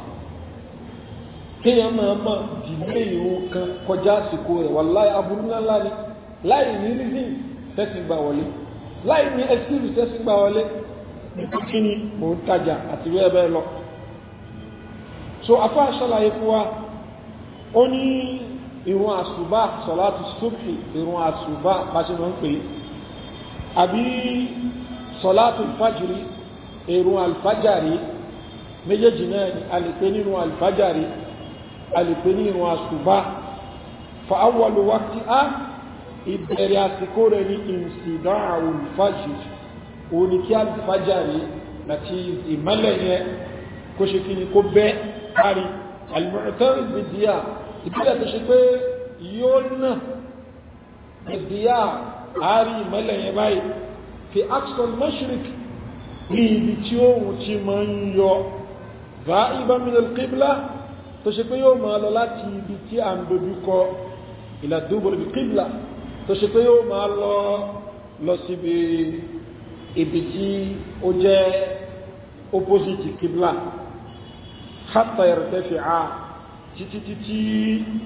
kéèyàn máa mọ̀ dìlé ìrun kan kọjá àsìkò rẹ̀ wà láì aburú ńlá ni láì ní rízìn tẹ́sìn gbà wọlé láì ní ẹsìkìrì tẹ́sìn gbà wọlé kí ni mò ń tajà àti bẹ́ẹ̀ bẹ́ẹ̀ lọ so afá ṣàlàyé fún wa ó ní ìrun àsùbá sọ̀látù súbhì ìrun àsùbá bá ṣe máa ń pè é àbí sọ̀látù alfajiri èrùn alfajari méjèèjì náà ni a lè pè nínú alfajari a lè pè nínú àsùbá fa awwalu wákìtí á ìbẹ̀rẹ̀ àsìkò rẹ̀ ní ìsìdá àwọn alfajiri òní kí alfajari àti ìmọ́lẹ̀ yẹn kó ṣe kí ni kó bẹ́ kárí alimọ̀tẹ́rì bìdíà ìbílẹ̀ tó ṣe pé yóò náà bìdíà àárí ìmọ́lẹ̀ yẹn báyìí fi axon mashrik ní ibi tí oòrùn ti máa ń yọ bá ibamilal qibla tó ṣe pé yóò máa lọ láti ibi tí a ń dojú kọ ila dubur bi qibla tó ṣe pé yóò máa lọ lọ síbi ibi tí ó jẹ́ opposite qibla hatta yartafi'a títí títí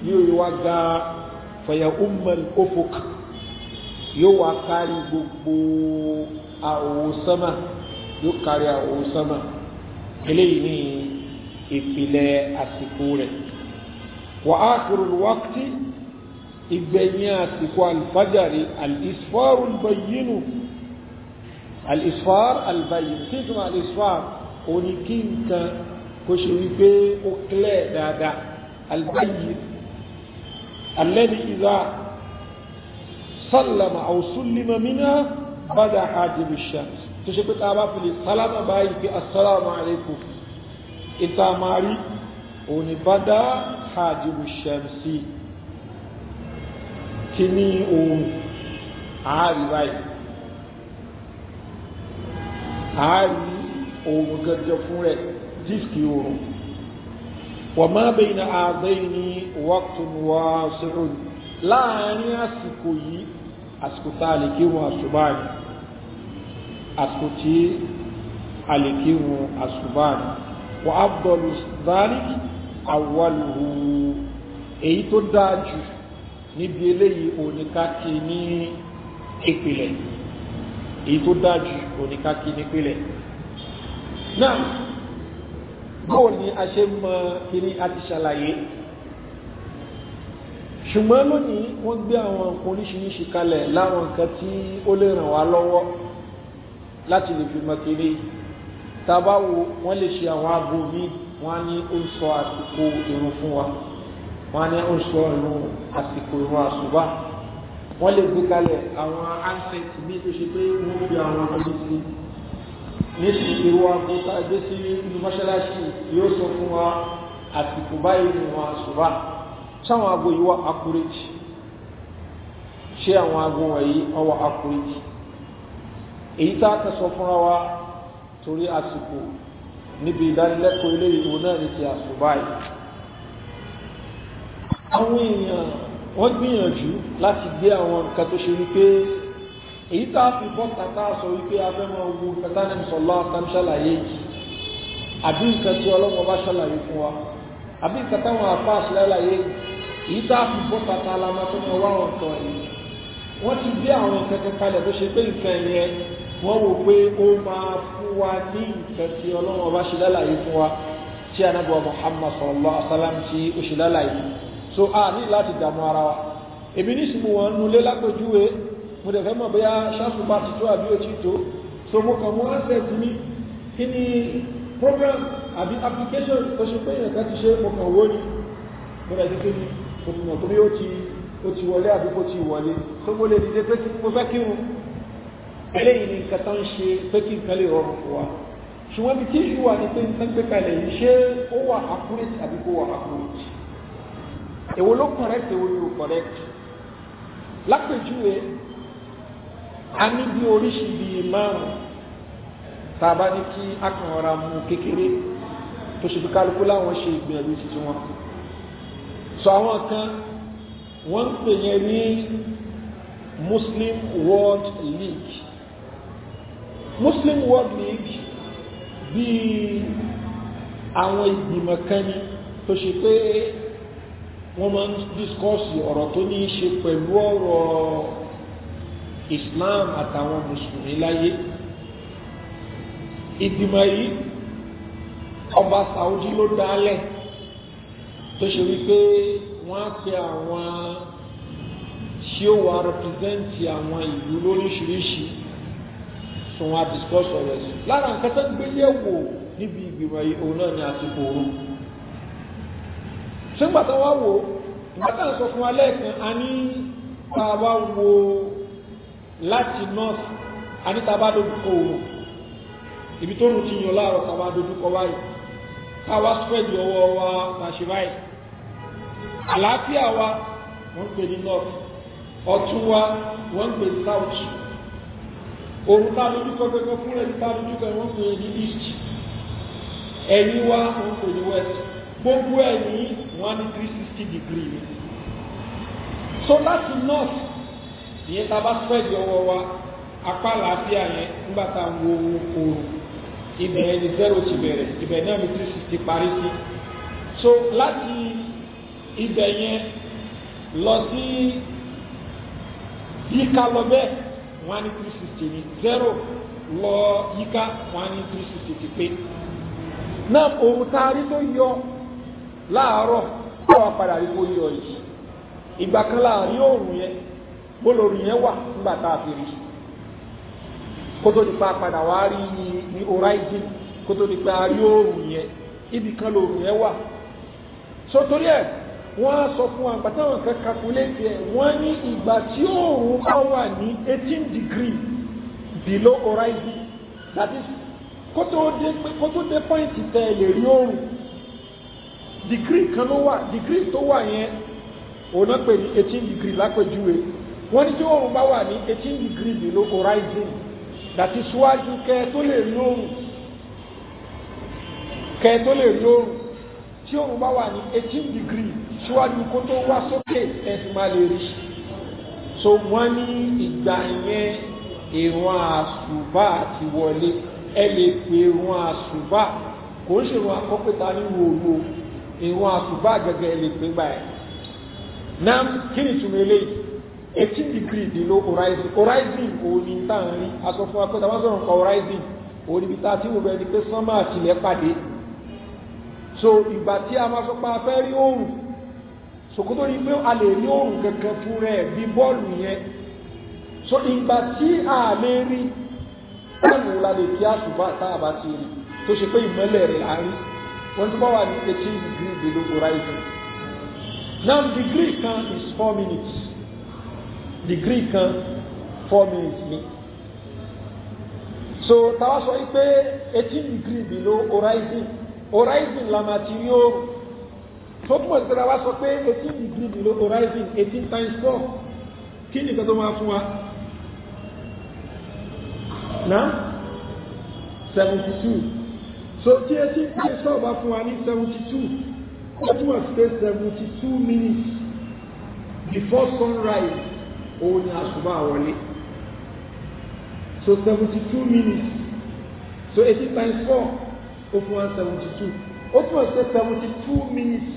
yóò yíwá ga faya ummal ufuq yóò wá kárí gbogbo àwòwò sánmà yóò kárí àwòwò sánmà eléyìí ní ìpìlẹ̀ àsìkò rẹ̀ wà á kúrò wákìtì ìgbẹ̀yìn àsìkò alfajari al'isfaru albayinu al'isfar albayin tí tún al'isfar oníkí nǹkan kò ṣe wípé ó kílẹ̀ dáadáa albayin alẹ́ni ìzáà sallama aw sullima minha bada hajibu shams tó ṣe pé tá bá fi lè sálámà báyìí pé assalamu alaikum ìta máa rí òní bada hajibu shamsi kí ní ohun àárí báyìí àárí ohun gẹ́gẹ́ fún rẹ̀ díìkì oòrùn wọ́n máa bẹ̀yìn àádọ́ ní waqtun wasi'un láàárín àsìkò tá a lè kírun àṣùbá ni àsìkò tí a lè kírun àṣùbá ni wa afdalu dhalik awwaluhu èyí tó dáa jù níbi eléyìí oníkàkí ní ìpìlẹ̀ èyí tó dáa jù oníkàkí ní ìpìlẹ̀ náà báwo ni a ṣe mọ kí ni ṣàlàyé ṣùgbọ́n lónìí wọ́n gbé àwọn nǹkan oríṣiríṣi kalẹ̀ láwọn nǹkan tí ó lè ràn wá lọ́wọ́ láti lè fi mọ kiri tabawo wọ́n lè ṣe àwọn aago mi wọ́n á ní ó ń sọ àsìkò irun fún wa wọ́n á ní ó ń sọ irun àsìkò irun àṣùbà wọ́n lè gbé kalẹ̀ àwọn handset mi tó ṣe pé wọ́n fi àwọn ọmọdé sí níṣì irú aago tá a gbé sí inú mọ́ṣáláṣí yóò sọ fún wa àsìkò báyìí ni àṣùbà sáwọn aago yìí wà accurate ṣé àwọn aago wọ̀nyí ọwọ́ accurate èyí tá a kẹ́ sọ fúnra wa torí àsìkò níbi ìdánilẹ́kọ̀ọ́ eléyìí òun náà ní ti àsùbá yìí àwọn èèyàn wọ́n gbìyànjú láti gbé àwọn nǹkan tó ṣe wípé èyí tá a fi bọ́ tata sọ wípé abẹ́mọ̀ ogun kata ní sọ̀lá àtàm ṣàlàyé yìí àbí nǹkan tí ọlọ́mọ ṣàlàyé fún wa àbí nǹkan táwọn apá àṣàlàyé yìí èyí tá a fi bọ́ tata la máa tó máa wá àwọn nǹkan yìí wọ́n ti gbé àwọn nǹkan kan kalẹ̀ tó ṣe pé nǹkan yẹn wọ́n wò pé ó máa fún wa ní nǹkan tí ọlọ́run ọba ṣe lálàyé fún wa tí anábọ̀ Muhammad sallallahu alaihi wasallam tí ó ṣe lálàyé so a ní láti dààmú ara wa èmi nísìnyí wọn nulẹ̀ lápẹjúwe mo dẹ̀ fẹ́ mọ̀ bóyá ṣáṣùpá ti tó àbí òtí tó so mo kàn mú asset mi kí ni program àbí application tó ṣe pé nǹkan ti ṣe mo kàn wó ni mo dẹ̀ ti tó ni mọ̀ torí ó ti ó ti wọlé àbí kó ti wọlé tó mọ́ lè dìde pé mo fẹ́ kí wọn eléyìí ni nǹkan tó ṣe pé kí nǹkan lè rọrùn wa ṣùgbọ́n bí tíṣù wà ní pé nǹkan gbé kalẹ̀ yìí ṣé ó wà accurate àbí kó wà accurate èwo ló correct èwo ló correct lápèjúwe a ní bí oríṣi bíi márùn tá a bá ní kí akànra mu kékeré tó ṣe fi kálukú láwọn ṣe ìgbìyànjú títí wọn kù so àwọn kan wọ́n ń pè yẹn ní Muslim World League Muslim World League bí àwọn ìgbìmọ̀ kan ní tó ṣe pé wọ́n máa ń discourse ọ̀rọ̀ tó ní í ṣe pẹ̀lú ọ̀rọ̀ Islam àtàwọn mùsùlùmí láyé ìgbìmọ̀ yìí ọba Saudi ló dálẹ̀ tó ṣe wípé wọ́n á pe àwọn tí ó wà rẹpẹsẹ́ǹtì àwọn ìlú lóríṣiríṣi tí wọ́n á discuss ọ̀rọ̀ yìí lára nǹkan tó gbé yẹ̀wò níbi ìgbìmọ̀ yìí òun náà ni àsìkò òru ṣé gbàtà wá wò nígbà tá à ń sọ fún wa lẹ́ẹ̀kan a ní tá a bá wo láti north a ní tá a bá dojúkọ òru ibi tó rùn ti yàn láàárọ̀ tá a bá dojúkọ wáyé ká wá spread ọwọ́ wa máa ṣe báyìí àlàáfíà wa wọ́n ń pè ní north ọ̀tún wa wọ́n ń pè ní south òun tá a lójú kọ́ pé kọ́ fún ẹni tá lójú kọ́ wọ́n ń pè ní east ẹ̀yìn wa wọ́n ń pè ní west gbogbo ẹ̀yìn wọ́n á ní three sixty degree ni so láti north ìyẹn tá a bá spread ọwọ́ wa apá àlàáfíà yẹn nígbà tá a wo oòrùn ibẹ̀ yẹn zero ti bẹ̀rẹ̀ ibẹ̀ náà ni three sixty parí sí so láti. ibẹ̀ yẹn lọ sí yíká lọ bẹ́ẹ̀ wọ́n á ní three sixty ní zero lọ yíká wọ́n á ní three sixty pé náà òun tá a rí tó wa padà rí kó yọ yìí ìgbà kan láàrin òòrùn yẹn yẹn wà nígbà tá a fi rí pa padà wá rí horizon pa rí òòrùn kan lòòrùn yẹn wà wọ́n á sọ fún àgbà táwọn kan calculate ẹ̀ wọ́n ní ìgbà tí oòrùn bá wà ní eighteen degree below horizon that is kó tó dé point tẹ ẹ lè rí oòrùn degree kan ló wà degree tó wà yẹn òun náà pè ní eighteen degree lápèjúwe wọ́n ní tí oòrùn bá wà ní eighteen degree below horizon that is síwájú kẹ tó lè rí oòrùn kẹ tó lè rí oòrùn tí òun bá wà ní eighteen degree síwájú kó tó wá sókè ẹ̀sìn máa lè rí so wọ́n ní ìgbà yẹn ìrun àsùbá ti wọlé ẹ lè pe ìrun àsùbá kò ń ṣe ìrun àkọ́pẹ́ta ní wòlò ìrun àsùbá gẹ́gẹ́ lè pe gbà ẹ̀ náà kí ni ìtumọ̀ eléyìí eighteen degree di lo horizon horizon òní tá à ń rí aṣọ fún akọ́ta wọ́n sọ̀rọ̀ nǹkan horizon òní bí tá a ti wò bẹ́ẹ̀ ni pé sánmà àtìlẹ́ pàdé so ìgbà tí a máa sọ pé a fẹ́ rí oòrùn sòkòtò ní pé a lè rí oòrùn kankan fún rẹ̀ bí bọ́ọ̀lù yẹn so ìgbà tí a lè rí báwo la lè kí àsùbá tá a bá ti rí tó ṣe pé ìmọ́lẹ̀ rẹ̀ la rí wọ́n ti bá wà ní eighteen degree below horizon now degree kan is four minutes degree kan four minutes ni so táwa sọ yìí pé eighteen degree below horizon horizon la máa ti rí oòrùn tó túmọ̀ sí ra wá sọ pé eighteen degree below horizon eighteen times four kí ni nǹkan tó máa fún wa náà seventy two so tí eighteen times four bá fún wa ní seventy two ó túmọ̀ sí pé seventy two minutes before sunrise òun ni àṣùbà wọlé so seventy two minutes so eighteen times four ó fún one seventy two ó túmọ̀ sí seventy two minutes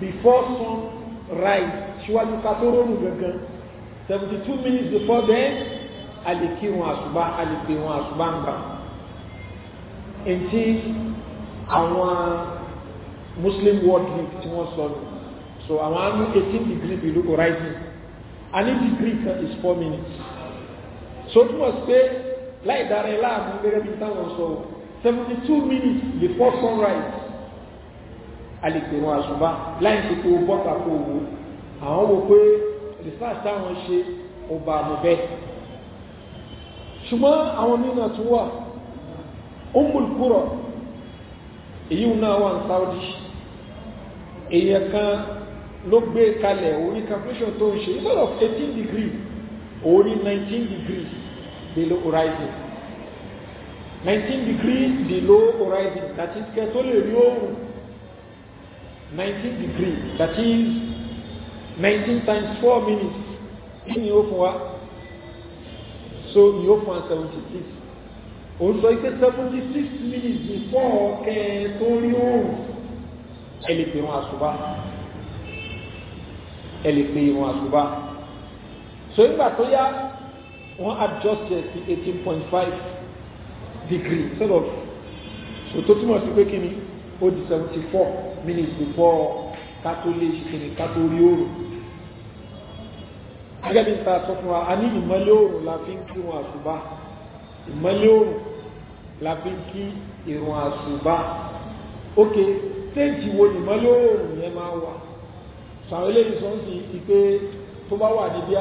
before sun rise ṣíwájú ká tó rọrùn gangan seventy two minutes before then a lè kí wọn àṣùbá a lè pè wọn àṣùbá ń gbà ntí àwọn muslim world league tí wọ́n sọ nù so àwọn á eighteen degree below horizon a ní degree kan is four minutes so túmọ̀ sí pé láì dára ẹ láàmú gẹ́gẹ́ bí táwọn sọ o seventy two minutes before sunrise alèkèrún àṣùbá láì ṣe pé o bọ́ta kó o wò àwọn wo pé research táwọn ṣe ó bá bẹ́ẹ̀ ṣùgbọ́n àwọn mìíràn tún wà Ummul Qura èyí náà wà ní Saudi èèyàn kan ló gbé kalẹ̀ orí calculation tó ń ṣe instead of eighteen degrees orí nineteen degrees below horizon nineteen degrees below horizon that is kẹ́ tó lè rí oòrùn nineteen degrees that is nineteen times four minutes kí ni ó fún wa so ni ó fún wa seventy six òun sọ pé seventy six minutes before kẹ́ tó rí oòrùn ẹ lè pè wọn àṣùbà ẹ lè pè wọn àṣùbà so nígbà tó yá wọ́n adjust ẹ̀ sí eighteen point five degree instead of so tó túmọ̀ sí pé kí ni ó di seventy four minutes before kátó lè ṣe kí ni kátó rí oòrùn agẹ́bí ta sọ fún wa a ní ìmọ́lẹ̀ oòrùn la fi ń kí wọn àṣùbá ìmọ́lẹ̀ oòrùn la fi ń kí ìrùn àṣùbá ok stéèjì wo ìmọ́lẹ̀ oòrùn yẹn máa wà sàwọn eléyìí sọ ń sì pé tó bá wà ní bí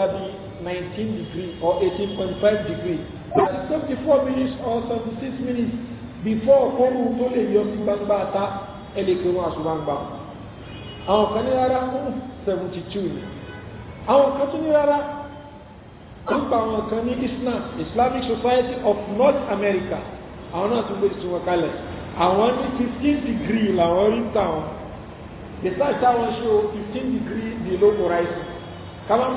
nineteen degree or eighteen point five degree That That's 24 minutes or 76 minutes before kóòrùn tó lè yọ sí gbangba ta ẹlẹ́gbẹ̀rún àṣù gbangba. Àwọn kan ní rárá kóòrùn 72 ni. Àwọn kan tún ní rárá nípa àwọn kan ní Islam Islamic Society of North America àwọn náà tún gbé tuntun wọn kalẹ̀. Àwọn ní 15 degree làwọn rí ń The fact táwọn ṣe o 15 degree ni ló kó ráìsì. Káwọn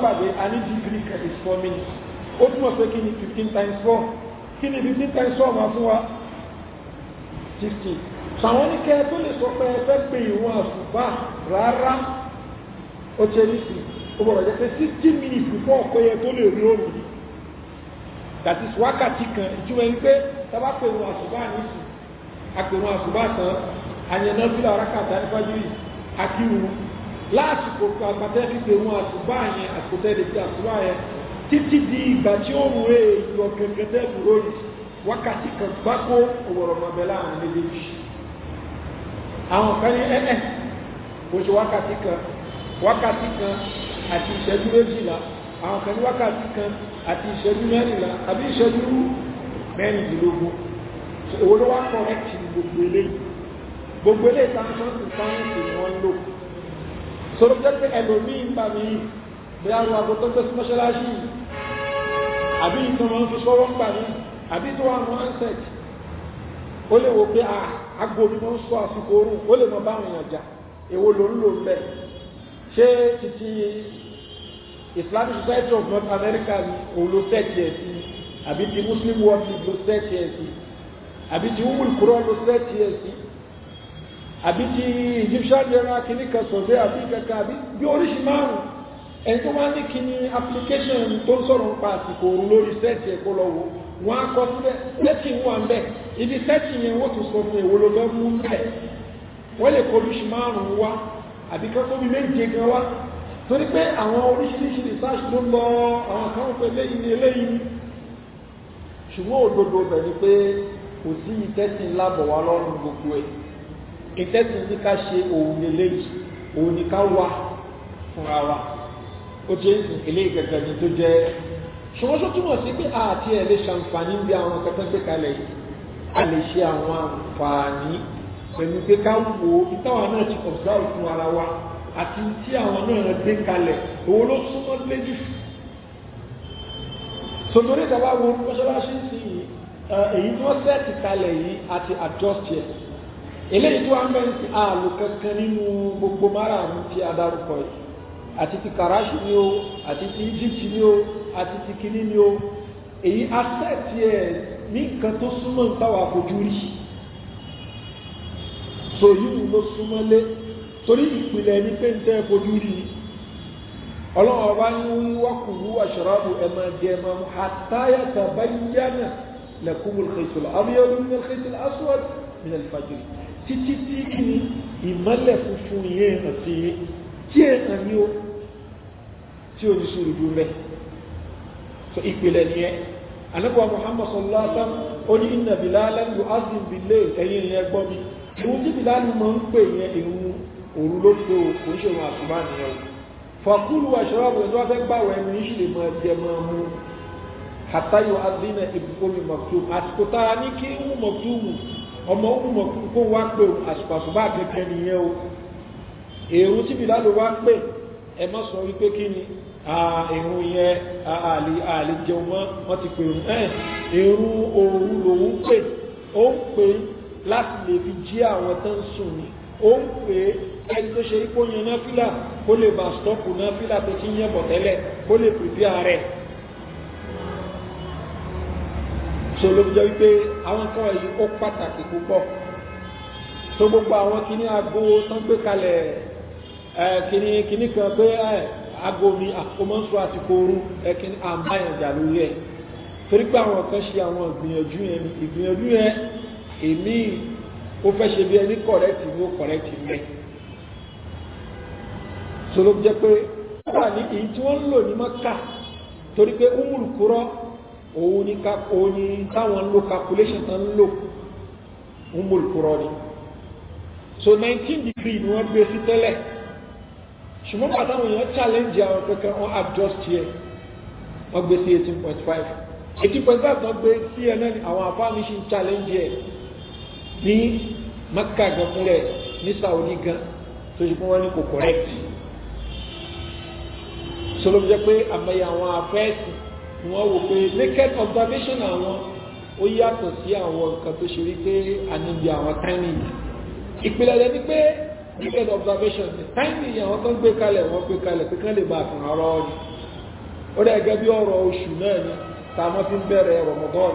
a ní degree kan is four minutes ó túnmọ̀ pé kí ni 15 times 4 kí ni 15 times 4 máa fún wa 50 sàwọn oníkẹ́ tó lè sọ pé ẹgbẹ́ pé ìwọ̀n àṣùgbà rárá ó ṣe ní sí ó bọ̀rọ̀ jẹ́ pé 60 minutes before ọ̀pẹ́ yẹ tó lè rí òun ni that is wákàtí kan ìtumọ̀ ẹni pé tábà pé ìwọ̀n àṣùgbà ní sí àpèrún àṣùgbà tán àyẹ̀nà fílà rákàtà nípájú yìí akíwù lásìkò àgbàtẹ́ fi pé ìwọ̀n àṣùgbà yẹn àṣùgbà yẹn títí di ìgbà tí ó rú èèyàn gẹ́gẹ́dẹ́ dúró yìí wákàtí kan gbáko òwòrò mọ̀bẹ láàrin méjèèjì àwọn kan ní ẹ́ẹ̀ kò ṣe wákàtí kan wákàtí kan àti ìṣẹ́jú méjìlá àwọn kan ní wákàtí kan àti ìṣẹ́jú mẹ́rìnlá àbí ìṣẹ́jú mẹ́rìndínlógún èwo ló wá kọ́rẹ́tì gbogbo eléyìí gbogbo eléyìí sáńsọ́ǹsì sáńsì ni wọ́n lò sọ́dọ̀ jẹ́ ẹlòmíín bá mi bí àwọn agbótọ́jọ́ sí mọ́ṣáláṣí yìí àbí ìtàn máa ń fi sọ́wọ́ ń gbà ní àbí tó wà ní handset ó lè wo pé àgbo mi máa ń sọ àsìkò oorun ó lè máa bá àwọn èèyàn jà èwo ló ń lò ń bẹ̀ ṣé títí Islamic Society of North America ni òun ló sẹ́ẹ̀tì ẹ̀ sí àbí ti Muslim World League ló sẹ́ẹ̀tì ẹ̀ sí àbí ti Ummul Qura ló sẹ́ẹ̀tì ẹ̀ sí àbí ti Egyptian general kìnnìkan sọ̀dẹ́ àbí kankan àbí bí oríṣi márùn-ún ẹni tó wá ní kíní application tó ń sọ̀rọ̀ nípa àsìkò òru lórí sẹ́ẹ̀tì ẹ̀kọ́ lọ́wọ́ wọn á kọ síbẹ̀ sẹ́ẹ̀tì wà ń bẹ̀ ibi sẹ́ẹ̀tì yẹn wọ́n tún sọ fún èwo ló fẹ́ mú bẹ̀ wọ́n lè kọ oríṣi márùn-ún wá àbí kan tóbi méje gan wá torí pé àwọn oríṣiríṣi research ló ń lọ àwọn kan ń pè léyìn ní eléyìí ṣùgbọ́n òdodo bẹ̀ ni pé kò sí ìtẹ́sìn lábọ̀ wá lọ́rùn gbogbo ẹ̀ ìtẹ́sìn ní ká ṣe òun eléyìí òun ní ká wá fúnra wa ó ti ń sìn ilé ìkẹkẹ ni tó jẹ́ ṣùgbọ́n tó túmọ̀ sí pé àti ẹ̀ lè ṣàǹfààní bí àwọn kẹtẹ́ gbé kalẹ̀ yìí a lè ṣe àwọn àǹfààní pẹ̀lú pé ká wo ìtawà náà ti observe fún ara wa àti tí àwọn náà gbé kalẹ̀ owó ló súnmọ́ léjì sọtọ́rí ìtawà wo mọ́ṣáláṣí sí èyí tí wọ́n sẹ́ẹ̀tì kalẹ̀ yìí àti adjust yẹ eléyìí tó wà ń bẹ̀rẹ̀ sí àlò kankan nínú gbogbo márààrún tí a dárúkọ yìí àti ti Karachi ni o àti ti Egypt ni o àti ti kini ni o èyí asset yẹ ní nǹkan tó súnmọ́ ń táwọn àfojú rí so yìí ló súnmọ́ lé torí ìpìlẹ̀ ní pé ń tẹ́ fojú rí ọlọ́run ọba ń wákùú washrabu ẹ̀mọ jẹ́ ẹ̀mọ hatta yatabayyana lakumul khaytul abyadu minal khaytil aswad minal fajr títí tí kìíní funfun yẹn hàn sí yẹn. tí èèyàn tí o ní sùúrù dùn bẹ́ẹ̀ so ìpìlẹ̀ ni ẹ anabuwa muhammad sallallahu alaihi wa sallam inna bilalan yu'azzim bil ẹ̀yìn ìyẹn gbọ́ mi ìwú tí bilal máa ń pè yẹn ìwú òru ló pé o kò ń ṣe òun nìyẹn o fàkúlù àṣọ́rọ̀ ẹ̀dọ́ afẹ́ gbàwẹ̀ ẹni yìí lè máa jẹ máa mú àtayọ̀ adínà ìbùkún mọ̀túmù àsìkò tá a ní kí ń ọmọ ń umm o èrú tí bìlálò wá ń pè ẹ má sọ wípé kí ni èrú yẹn àlè jẹun mọ́ wọ́n ti pè ẹ̀ èrú òru lòun pè ó ń pè láti lè fi jí àwọn tó ń sùn ni ó ń pè ẹni tó ṣe ipò yan náfìlà kó lè bá stọ́ọ̀pù náfìlà tó ti ń yẹ̀ bọ̀ tẹ́lẹ̀ kó lè pèpè ààrẹ. so ló fi jẹ́ wípé àwọn kan wọ̀nyí ó pàtàkì púpọ̀ tó gbogbo àwọn kìíní aago tó ń gbé kalẹ̀ kìíní kìíní kan pé aago mi àkómọ́sọ àsìkò ooru ẹ̀kíní àmáyànjà lórí ẹ̀ torí pé àwọn kan ṣe àwọn ìgbìyànjú yẹn ni ìgbìyànjú yẹn èmi ó fẹ́ ṣe bí ẹni kọ̀rẹ́tì ní ó kọ̀rẹ́tì mẹ́ so ló jẹ́ pé wà ní èyí tí wọ́n ń lò ní mọ́kà torí pé umul kúrọ òun ni táwọn ń lo calculation tán ń lò umul kúrọ ni so 19 degree ni wọ́n gbé sí tẹ́lẹ̀ ṣùgbọ́n pàtàkì èèyàn challenge àwọn kankan wọ́n adjust yẹ wọ́n gbé sí eighteen point five eighteen point five náà gbé sí ni àwọn afáàmì ṣì ń challenge yẹ ní Mẹ́kà gan fúnlẹ̀ ní Saudi gan tó ṣe fún wọn ní kò correct sọlọ́mù jẹ́ pé àmọ́yé àwọn afẹ́ẹ̀sì ni wọ́n wò pé naked observation àwọn ó yàtọ̀ sí àwọn nǹkan tó ṣe rí àníbi àwọn tiny ìpìlẹ̀ lẹ́ni pé naked observation ni táìmì àwọn tó ń gbé kalẹ̀ wọ́n gbé kalẹ̀ pé kán lè bá àfihàn ara ọ ni ó dẹ̀ gẹ́gẹ́ bí ọ̀rọ̀ oṣù náà ni tá a máa fi ń bẹ̀rẹ̀ Ramadan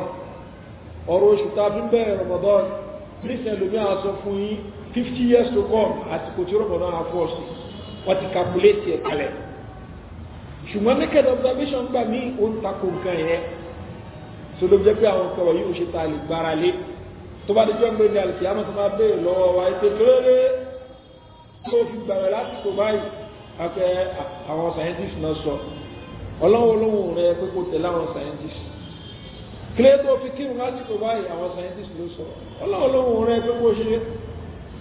ọ̀rọ̀ oṣù tá a fi ń bẹ̀rẹ̀ Ramadan nísìnyí lómi àwọn sọ fún yín fifty years to come àsìkò tí Ramadan á fọ́ sí wọ́n ti calculate ẹ̀ kalẹ̀ ṣùgbọ́n naked observation gbà mí ó ń takò nǹkan yẹn so ló jẹ́ pé àwọn ọ̀rọ̀ yìí ò ṣe ta lè gbára lé tó bá dé jọ́ ń gbé ní àlùkìyàmọ́ tó máa béèrè tó fi gbàrà lásìkò báyìí afẹ́ àwọn scientist náà sọ ọlọ́wọ́ olóhùn rẹ pé kó tẹ̀lé àwọn scientist kílẹ̀ tó fi kírun lásìkò báyìí àwọn scientist ló sọ ọlọ́wọ́ olóhùn rẹ pé kó ṣe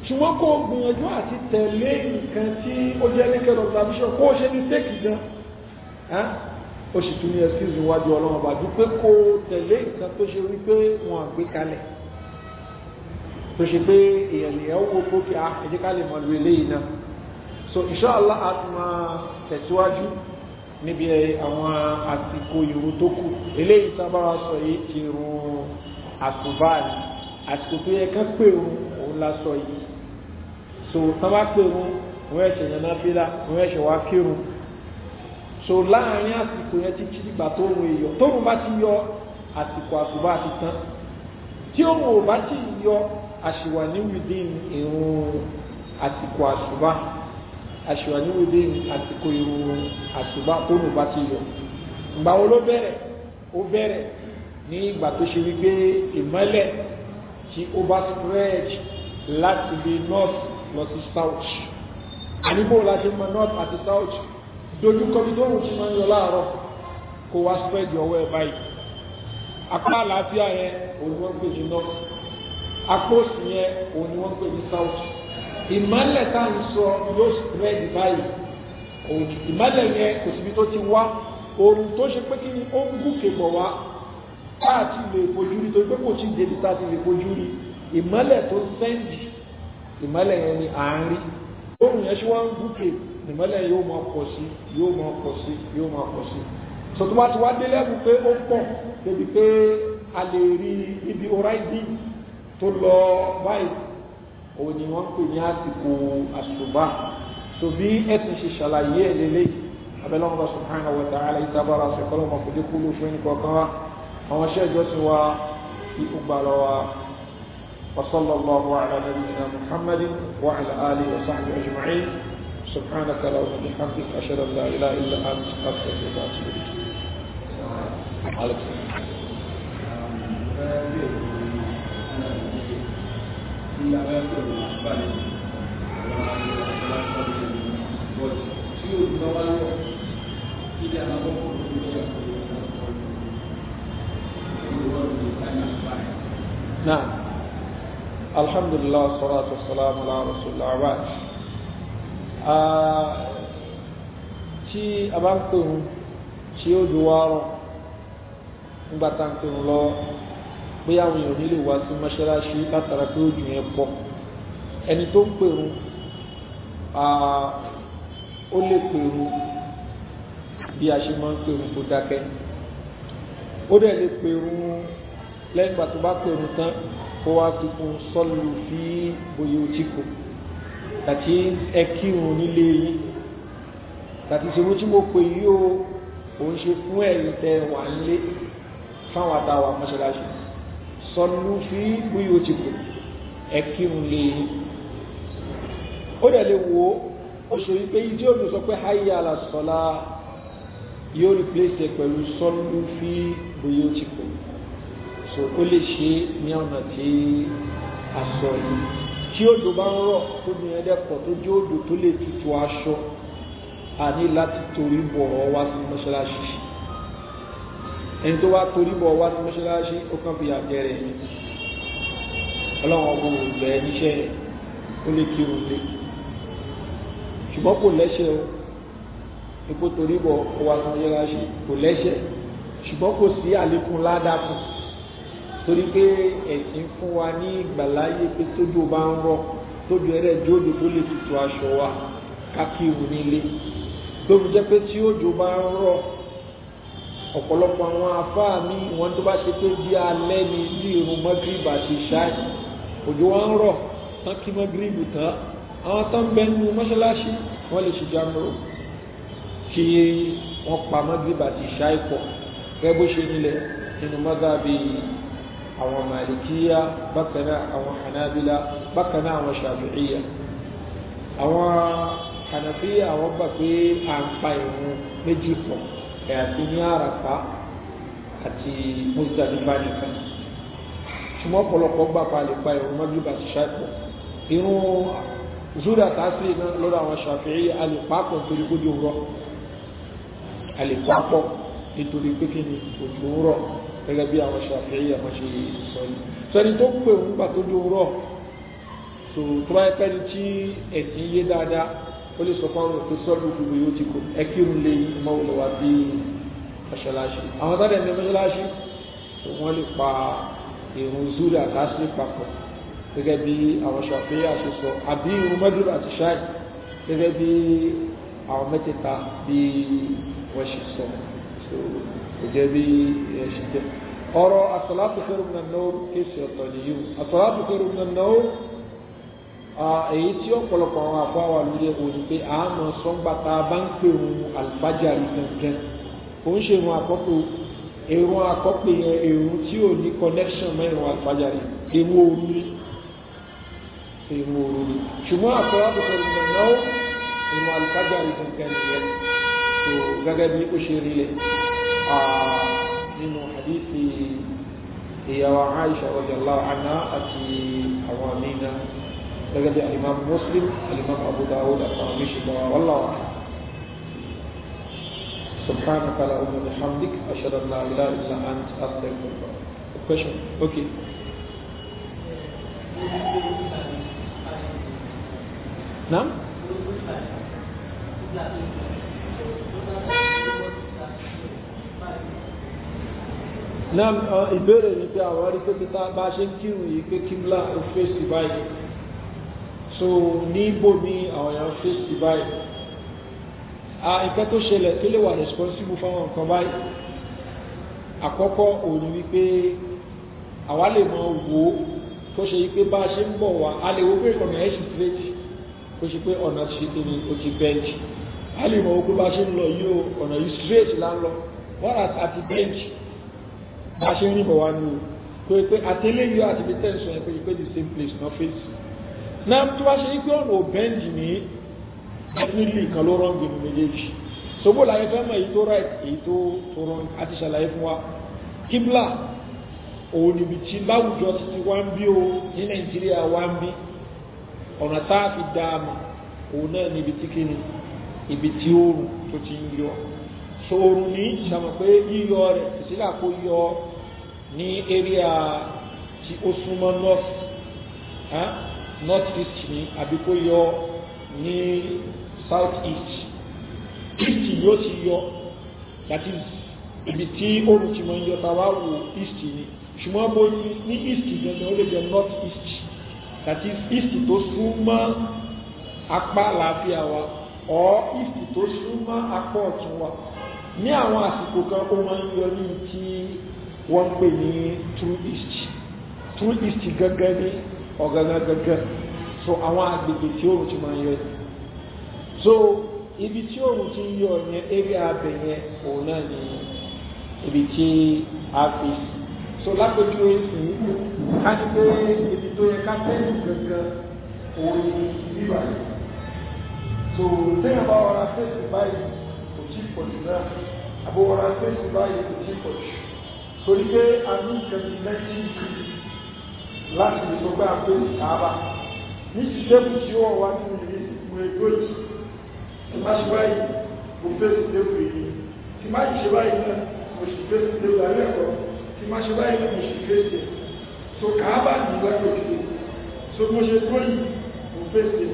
ṣùgbọ́n kó gbìyànjú àti tẹ̀lé nǹkan tí ó jẹ́ naked observation kó ṣe ní sẹ́ẹ̀kì gan ó sì tún ní excuse wájú ọlọ́wọ́ bàdú pé kó tẹ̀lé nǹkan tó ṣe wípé wọn àgbékalẹ̀ tó ṣe pé èèyàn wo gbókè á ẹ̀jẹ̀ ká lè mọ lu eléyìí náà so inshallah a ti máa tẹ̀síwájú níbi àwọn àsìkò ìrun tó kù eléyìí sábàá sọ yìí ti rún àsùbá ni àsìkò tó yẹ ká pè òun òun la sọ yìí so sábà pè òun òun ẹ̀ṣẹ̀ yànnà bílà òun ẹ̀ṣẹ̀ wá kírun so láàrin àsìkò yẹn títí dìgbà tó rún èèyàn tó rún bá ti yọ àsìkò àsùbá ti tán tí òun ò bá ti yọ aṣìwà ní within irun àsìkò àṣùbá aṣìwà ní within àsìkò irun àṣùbá tóun bá ti yọ ìgbà wo ló bẹ̀rẹ̀ ó bẹ̀rẹ̀ ní ìgbà tó ṣe wípé ìmọ́lẹ̀ tí ó spread láti bí north lọ sí south àníbò láti mọ north àti south dojúkọ bí tóun ti máa ń yọ láàárọ̀ kó wá spread ọwọ́ ẹ̀ báyìí apá àlàáfíà yẹn òun wọ́n gbèjì north akóòsì yẹn òun ni wọ́n pè ní south ìmọ̀lẹ̀ tá à ń sọ yóò spread báyìí ìmọ̀lẹ̀ yẹn kò síbi tó ti wá oòrùn tó ṣe pé kí ni ó ń gòkè bọ̀ wá káàtì lè fojú rí torí pé kò tí ì débi tá a ti lè fojú rí ìmọ̀lẹ̀ tó sẹ́ǹdì ìmọ̀lẹ̀ yẹn ni à ń rí oòrùn yẹn ṣe wá ń gòkè ìmọ̀lẹ̀ yóò máa pọ̀ sí yóò máa pọ̀ sí yóò máa pọ̀ sí sọtúmọ̀ tí wá dé lẹ́bù pé ó pọ̀ débi pé a lè rí ibi oráìdì tó lọ báyìí òun ni wọ́n pè ní àsìkò àṣùbà so bí ẹ̀sìn ṣe ṣàlàyé ẹ̀ lélẹ̀ abẹ́lẹ́wọ̀n bá subhanahu wa ta'ala ìtàbára ṣẹkọ́lọ́ ọmọ kúlù fún ẹnì kọ̀ọ̀kan wa àwọn iṣẹ́ ìjọsìn wa kí ó gbà lọ wa وصلى الله على نبينا محمد وعلى آله وصحبه أجمعين سبحانك اللهم وبحمدك أشهد أن لا إله إلا أنت أستغفرك وأتوب إليك tí a bá fẹ́ wò nípa rẹ̀ àwọn àwọn àgbàlagbà rẹ̀ bọ́ọ̀dù tí o bá wá lọ kí ni àwọn ọkọ̀ tó ń yà kó نعم الحمد لله والصلاة والسلام على رسول الله وبعد tí a bá ń pè ń tí ó duwárọ̀ ń gbàtà ń pè ń lọ pé àwọn èèyàn nílò wá sí mọ́ṣáláṣí látara pé òjò yẹn pọ̀ ẹni tó ń pèrún ó lè pèrún bí a ṣe máa ń pèrún kó dákẹ́ ó dẹ̀ lè pèrún lẹ́yìn ìgbà tó bá pèrún tán kó wá tuntun sọ́lù fi bòye òtíkù àti ẹ kírun nílé yìí tàbí ṣe tí mo pè yí o ò ń ṣe fún ẹ̀yìn tẹ wà ń lé fáwọn àtàwọn mọ́ṣáláṣí sọlú fi búyò ti bò ẹkírun lè ó dẹ̀ lè wo ó ṣe wípé yìí tí olùsọ pé háyà àlàsọ́lá yóò replace ẹ pẹ̀lú sọlú fi búyò ti bò so ó lè ṣe ní ọ̀nà tí a sọ yìí tí odò bá ń rọ̀ tó ní ẹlẹ́pọ̀ tó jẹ́ odò tó lè tutù aṣọ àní láti torí bọ̀ ọ́ wá sí mọ́ṣáláṣí ẹni tó wá torí bọ̀ wá ní mọ́ṣáláṣí ó kàn fi àjẹ rẹ̀ ni ọlọ́run ọmọ òòlù ẹ̀ níṣẹ́ ó lè kí òun lé ṣùgbọ́n kò lẹ́ṣẹ̀ o ipò torí bọ̀ ó wá ní mọ́ṣáláṣí kò lẹ́ṣẹ̀ ṣùgbọ́n kò sí àlékún ládàá fún torí pé ẹ̀sìn fún wa ní ìgbàláyé pé tójú bá ń rọ tójú ẹrẹ̀ jóde tó lè tutù aṣọ wa ká òun nílé tó fi jẹ́ pé tí òjò bá ń rọ ọ̀pọ̀lọpọ̀ àwọn afáà mi wọn tó bá ṣe pé bí alẹ́ ni bí irun mọ́gírìbì àti ṣáì òjò wa ń rọ̀ tán kí mọ́gírìbì tán àwọn tó ń bẹ nínú mọ́ṣáláṣí wọ́n lè ṣe jámúrò kí wọ́n pa mọ́gírìbì àti ṣáì pọ̀ gẹ́gẹ́ bó ṣe nílẹ̀ nínú mọ́gàbí àwọn màlìkíyà bákan àwọn hànábílà bákan àwọn ṣàfíìyà àwọn hànàfíyà àwọn gbà pé à ń pa ìrun méjì pọ̀ ẹ̀ àti ní àràfà àti mọ́sídàdínlá nìkan ṣùgbọ́n ọ̀pọ̀lọpọ̀ gbà pa lè pa ìrun mọ́gìrìbà àti ṣáìpọ̀ irun zúdà tásírì náà lọ́dọ̀ àwọn ṣàfihì alìpápọ̀ nítorí kó di òwúrọ̀ alìpápọ̀ nítorí pé kí ni òjò ń rọ̀ gẹ́gẹ́ bí àwọn ṣàfihì àwọn ṣe sọ yìí sẹ́ni tó pè ń gbà tó di òwúrọ̀ tó tó bá pẹ́ni tí ẹ̀sìn yé dáadáa ó lè sọ fáwọn òkú sọ́ọ̀lù gbogbo yóò ti kó ẹkírun lè mọ́ olùwà bí mọ́ṣáláṣí àwọn tọ́lẹ̀ ní mọ́ṣáláṣí wọ́n lè pa ìrun zúrì àtàsí papọ̀ gẹ́gẹ́ bí àwọn ṣàfihàn àti sọ àbí ìrun mọ́dúrà àti ṣáì gẹ́gẹ́ bí àwọn mẹ́tẹ̀ẹ̀ta bí wọ́n ṣe sọ so gẹ́gẹ́ bí ẹ ṣe jẹ́ ọ̀rọ̀ àsàlátù khairu minan nawm ọ̀tọ̀ nìyí àsàlátù khairu minan nawm èyí tí ọ̀pọ̀lọpọ̀ àwọn àbá wa lórí ẹ̀wò ni pé àmọ́ sọ́ngbà tá a bá ń pè ohun àlùfájàrí gangan kò ń ṣe ìrun àkọ́kọ́ ìrun àkọ́kọ́ yẹn ìrun tí ò ní connection mọ́ ìrun àlùfájàrí ewu ooru ni ewu ooru ni ṣùgbọ́n àkọ́rọ́ àbùkọ́ ìrìn náà ìrun àlùfájàrí gangan nìyẹn tó gẹ́gẹ́ bí ó ṣe rí nínú hadithi ìyàwó Aisha radiyallahu تجد الإمام مسلم الإمام أبو داود الطرميش الله والله سبحانك على أمه بحمدك أشهد أن لا إله إلا أنت أستغفرك Question. Okay. نعم نعم آه، البر اللي في عواري كتير باشين كيو يك كملا وفيس تبايك so níbo ni àwọn èèyàn fèsì báyìí a nǹkan tó ṣẹlẹ̀ tó lè wà responsible fáwọn nǹkan báyìí àkọ́kọ́ òun wípé àwa lè mọ wò ó tó ṣe wípé bá a ṣe ń bọ̀ wá a lè wo pé ọ̀nà ẹ̀ sì tìrẹ́tì tó ṣe pé ọ̀nà ti ṣe tèmi ó ti bẹ́ǹkì a lè mọ wípé bá a ṣe ń lọ yìí ọ̀nà yìí straight là ń lọ wọ́n àti bẹ́ǹkì bá a ṣe ń rìn bọ̀ wá ni o pé pé àtẹlẹ́yìn àti bí tẹ̀sán ẹ̀ pé pé the same place náà fèsì. Na tó wá ṣe wípé ọ̀nà òbẹ́ǹdì ní ẹ̀fínlì kan ló rọ́ǹgì ní méjèèjì sobo láyé fẹ́ mọ̀ èyí tó right èyí tó tó wrong àti ṣàlàyé fún wa kíbla òun níbi tí láwùjọ títí wá ń bí o ní nàìjíríà wá ń bí ọ̀nà tá a fi dá a mọ̀ òun náà níbi tí kíni ibi tí oòrùn tó ti ń yọ so oòrùn ní ṣàmọ̀ pé yíyọ rẹ̀ ìsílà kó yọ ní area tí ó súnmọ́ north north east ni àbí kó yọ ní south east east yóò ti yọ that is ibi tí oòrùn ti máa ń yọ tàwa wo east ni ṣùgbọ́n bó ní ní east gangan ó lè jẹ north east that is east tó súnmọ́ apá làáfíà wa or east tó súnmọ́ apá ọ̀tún wa ní àwọn àsìkò kan ó máa ń yọ ní ti wọ́n ń pè ní true east true east gangan ni ọ̀gángan so àwọn agbègbè tí oòrùn ti máa ń yọ so ibi tí oòrùn ti ń yọ yẹn eré abẹ yẹn òun náà ni ibi tí a fi so lápẹjù èsì ká ní pé ibi tó yẹ ká fẹ́ẹ́ gẹ́gẹ́ òun ni bíbà yìí so tẹ́yìn bá wọra fẹ́ẹ̀sì báyìí kò tí pọ̀ jù náà àbò wọra fẹ́ẹ̀sì báyìí kò tí pọ̀ jù torí pé a ní ìkànnì 19 láti lè sọ pé à ń pè ní káàbà ní ṣiṣẹ́ kù tí ó wà nínú ìlú ìmú ẹjọ́ yìí tí má ṣe báyìí mo fèsì léwu yìí tí má ṣe báyìí náà mo sì fèsì léwu alẹ́ ẹ̀kọ́ tí má ṣe báyìí náà mo sì fèsì so káàbà ní ìgbàgbọ́jù so mo ṣe tó yìí mo fèsì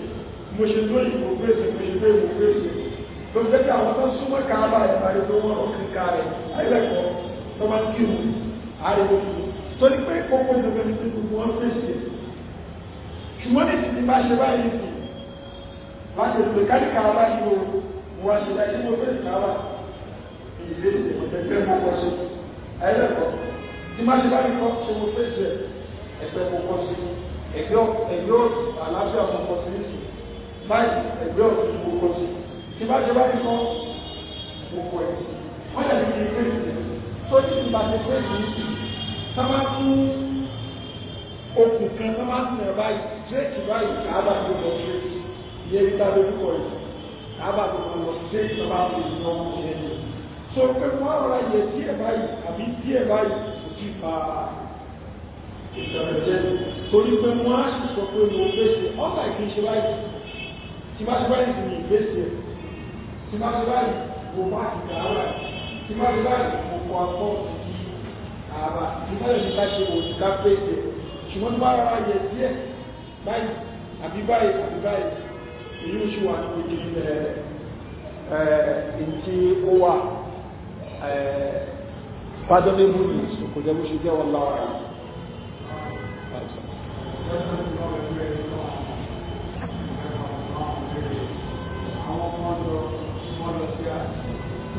mo ṣe tó yìí mo fèsì mo ṣe tó yìí mo fèsì tó fẹ́ kí àwọn tó súnmọ́ káàbà ìgbàgbọ́ wọn ò tó máa ń torí pé kókó ìjọba ní gbogbo wọn fèsì ṣùgbọ́n ní ti bá ṣe báyìí sí bá ṣe pé káríkà bá ṣe o wọ́n ṣe láti mọ́ fẹ́ ìtawà ìdílé ìdẹ̀mọ̀tẹ́fẹ́ mọ́ kọ́ sí ẹlẹ́kọ̀ọ́ ní má ṣe báyìí kọ́ ṣe mo fẹ́ ṣe ẹgbẹ́ mọ́ kọ́ sí ẹgbẹ́ àlàáfíà mọ́ kọ́ sí báyìí ẹgbẹ́ òfin mọ́ kọ́ sí tí bá ṣe báyìí kọ́ mo kọ́ ẹ̀ wọ́n yà ní ilé ìgbésẹ̀ tó sábà tún okùn kan sábà tún ẹ̀ báyìí tírèkì báyìí káàbà tó lọ sí iye ìta lórúkọ yìí káàbà tó lọ lọ sí sábà tó lọ sí ẹ̀ so pé wọ́n rọra yẹ díẹ̀ báyìí àbí díẹ̀ báyìí kò tí ì fa ìṣẹ̀lẹ̀ torí pé wọ́n á sì sọ pé mo fèsì ọ̀tà ìkí ṣe báyìí tí má ṣe báyìí sì ní ìfèsì ẹ̀ tí má ṣe báyìí mo má ti kàárà tí má ṣe báyìí mo kọ akọ́ àbá ìmọ̀lẹ̀ ní ká ṣe òsì ká pé èdè ṣùgbọ́n bá ara yẹ díẹ̀ báyìí àbí báyìí àbí báyìí èyí ó ṣe wà ní ìdí ìdí ó wà pardonable news kò jẹ́ bó ṣe jẹ́ wọn láwọn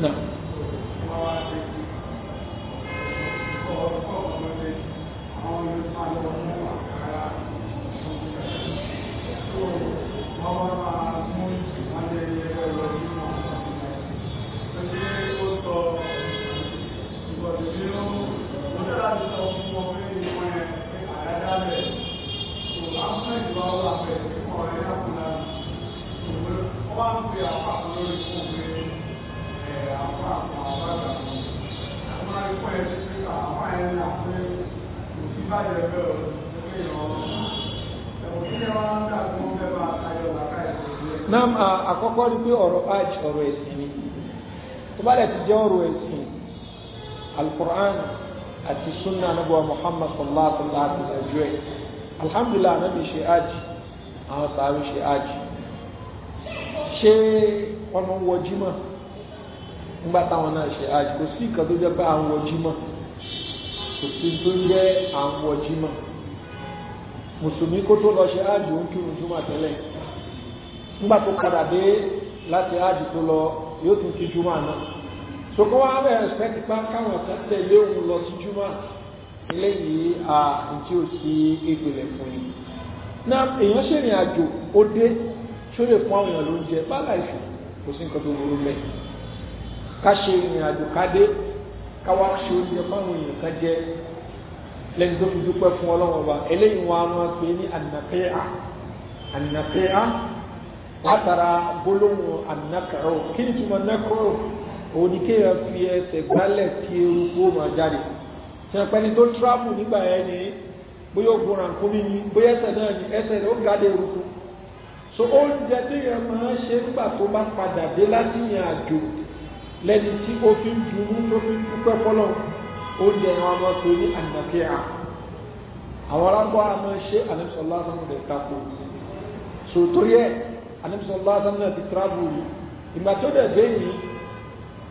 No. àkọ́kọ́ rí pé ọ̀rọ̀ hajj ọ̀rọ̀ ẹ̀sìn ni tó bá dẹ̀ ti jẹ́ ọ̀rọ̀ ẹ̀sìn alukur'an àti sunna anabuwa muhammad sallallahu alaihi wa sallam alhamdulilah anabi ṣe hajj àwọn sàbí ṣe hajj ṣé wọn ń wọ jímọ̀ nígbà táwọn náà ṣe hajj kò sí ìkan tó jẹ́ pé à ń wọ jímọ̀ kò sí tó ń jẹ́ à wọ jímọ̀ mùsùlùmí kó lọ ṣe hajj ó ń kírun jùmọ̀ tẹ́lẹ̀ nígbà tó padà dé láti áàdì tó lọ yóò tún ti júmọ́ àná ṣùgbọ́n wá bẹ̀rẹ̀ sẹ́kì pa káwọn kan tẹ̀lé òun lọ sí júmọ́ eléyìí à ń tí ó sí ìpìlẹ̀ fún yìí na èèyàn ṣèrìn àjò ó dé tí ó lè fún àwọn èèyàn lóúnjẹ bálà ìṣù kò sí nǹkan tó burú mẹ́ ká ṣe ìrìn àjò ká dé ká wá ṣe oúnjẹ fáwọn èèyàn kan jẹ lẹ́yìn tó fi dúpẹ́ fún ọlọ́wọ́n wa eléyìí wọn máa pè ní ànàpẹ́à ànàpẹ́à Atara gbólóhùn ànákàrọ̀ kí ni túmọ̀ nákàrọ̀ òun ni kéèyàn fi ẹsẹ̀ gbálẹ̀ kí eruku ó tí wọn pẹ́ni tó tíráàmù nígbà yẹn ni bóyá ogun rànkúmí ni bóyá ẹsẹ̀ náà ni ẹsẹ̀ rẹ̀ ó gàdé eruku so oúnjẹ téèyàn máa ń ṣe nígbà tó bá padà dé láti yàn àjò lẹ́ni tí ó fi ń dunú tó fi ń dúpẹ́ fọ́lọ́ oúnjẹ yẹn wọn máa pè ní ànàfíà àwọn arábọ́ àmọ́ ṣe àlẹ́sọ̀lá sọ́mọdé tako so torí ẹ̀ anamisọ lásán náà ti tíráàbù yìí ìgbà tó dẹ̀ dé yìí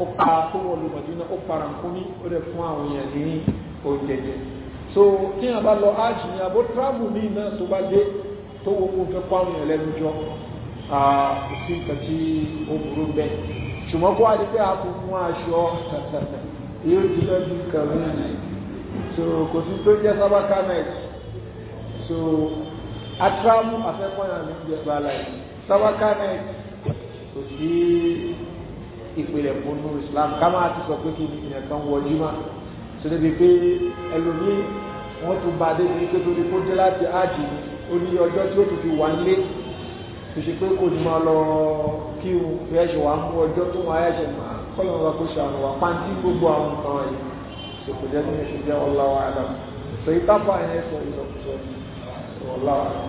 ó pa tó wọlé Mọdínà ó para nǹkan ní ó dẹ̀ fún àwọn èèyàn ní oúnjẹ jẹ so tí wọn bá lọ ájì ní abó tíráàbù míì náà tó bá dé tó wo kó fẹ́ kó àwọn èèyàn lẹ́nu jọ kò sí nǹkan tí ó burú bẹ́ẹ̀ ṣùgbọ́n kó adé pé a kò fún aṣọ tàtàtà *laughs* yóò ti lọ bí nǹkan so kò sí tó jẹ́ sábà kánẹ̀tì so atramu afẹ́kọ̀ọ́ yàrá ní ìjẹba aláìsí sábàkánà kò sí ìpìlẹ̀ fúnnú islam ká máa ti sọ pé kí ni ìyẹn kan wọ jimá sọdọ́ bíi pé ẹlòmíì wọ́n tún bá dé ní kékeré kó dé láti ájì ó ní ọjọ́ tí ó tún fi wà nílé kò sí pé kò ní máa lọ kí n fi ẹ̀ṣẹ̀ wà mú ọjọ́ tó wọn ayẹ̀ṣẹ̀ máa kọ́lọ̀ wọn kó ṣàánú wà pàǹtí gbogbo àwọn nǹkan yìí sòkò jẹ́ ní oṣù jẹ́ ọláwà àdàm sọ ìtàpá yẹn sọ ìsọkùsọ ọláwà àdàm.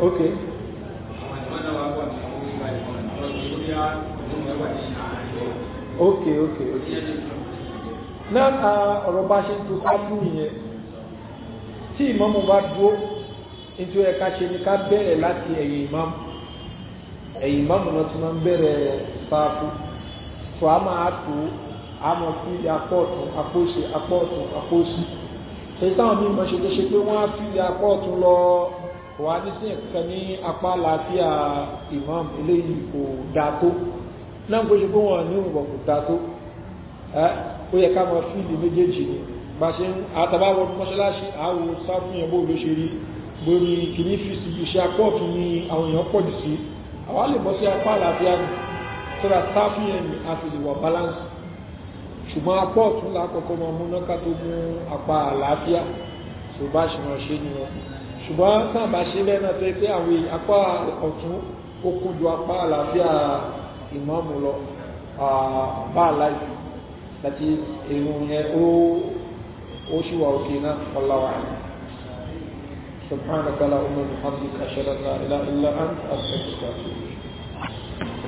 ok. ok ok ok. náà ọ̀rọ̀ bá ṣe ń tu sáfù yẹn tí ìmọ̀mù bá dúró nítorí ẹ̀ka ṣe ni ká bẹ̀rẹ̀ láti ẹ̀yìn ìmọ̀mù ẹ̀yìn ìmọ̀mù náà ti máa ń bẹ̀rẹ̀ sáfù tó a máa tù á mọ̀ sí apọ̀ ọ̀tún apọ̀ òsì apọ̀ ọ̀tún apọ̀ òsì èyí táwọn míì mọ̀ ṣe tó ṣe pé wọ́n á fi apá ọ̀tún lọ wà ní sí ní apá àlàáfíà imam eléyìí kò dá tó náà kó ṣe pé wọ́n ní òun kò dá tó ó yẹ ká máa fíìlì méjèèjì ni bá ṣe ń àtàbáwọ̀ mọ́ṣáláṣí àwò sáfún ẹ̀bọ́ ló ṣe rí lórí kìíní fíìsì iṣẹ́ apá ọ̀tún ni àwọn èèyàn pọ̀ jù sí àwa lè bọ́ sí apá àlàáfíà ni sọ́ra sáfún ẹ̀mí àti ìwà balance ṣùgbọ́n apá ọ̀tún la kọ́kọ́ máa mú náà ká tó mú apá àlàáfíà tó bá ṣe wọn ṣe ni wọn ṣùgbọ́n náà bá ṣe lẹ́nà tó yẹ pé àwọn apá ọ̀tún ó kún ju apá àlàáfíà ìmáàmù lọ bá àláìsí àti èrò yẹn ó ó ṣì wà òkè náà ọláwà سبحانك اللهم وبحمدك اشهد ان لا اله الا انت استغفرك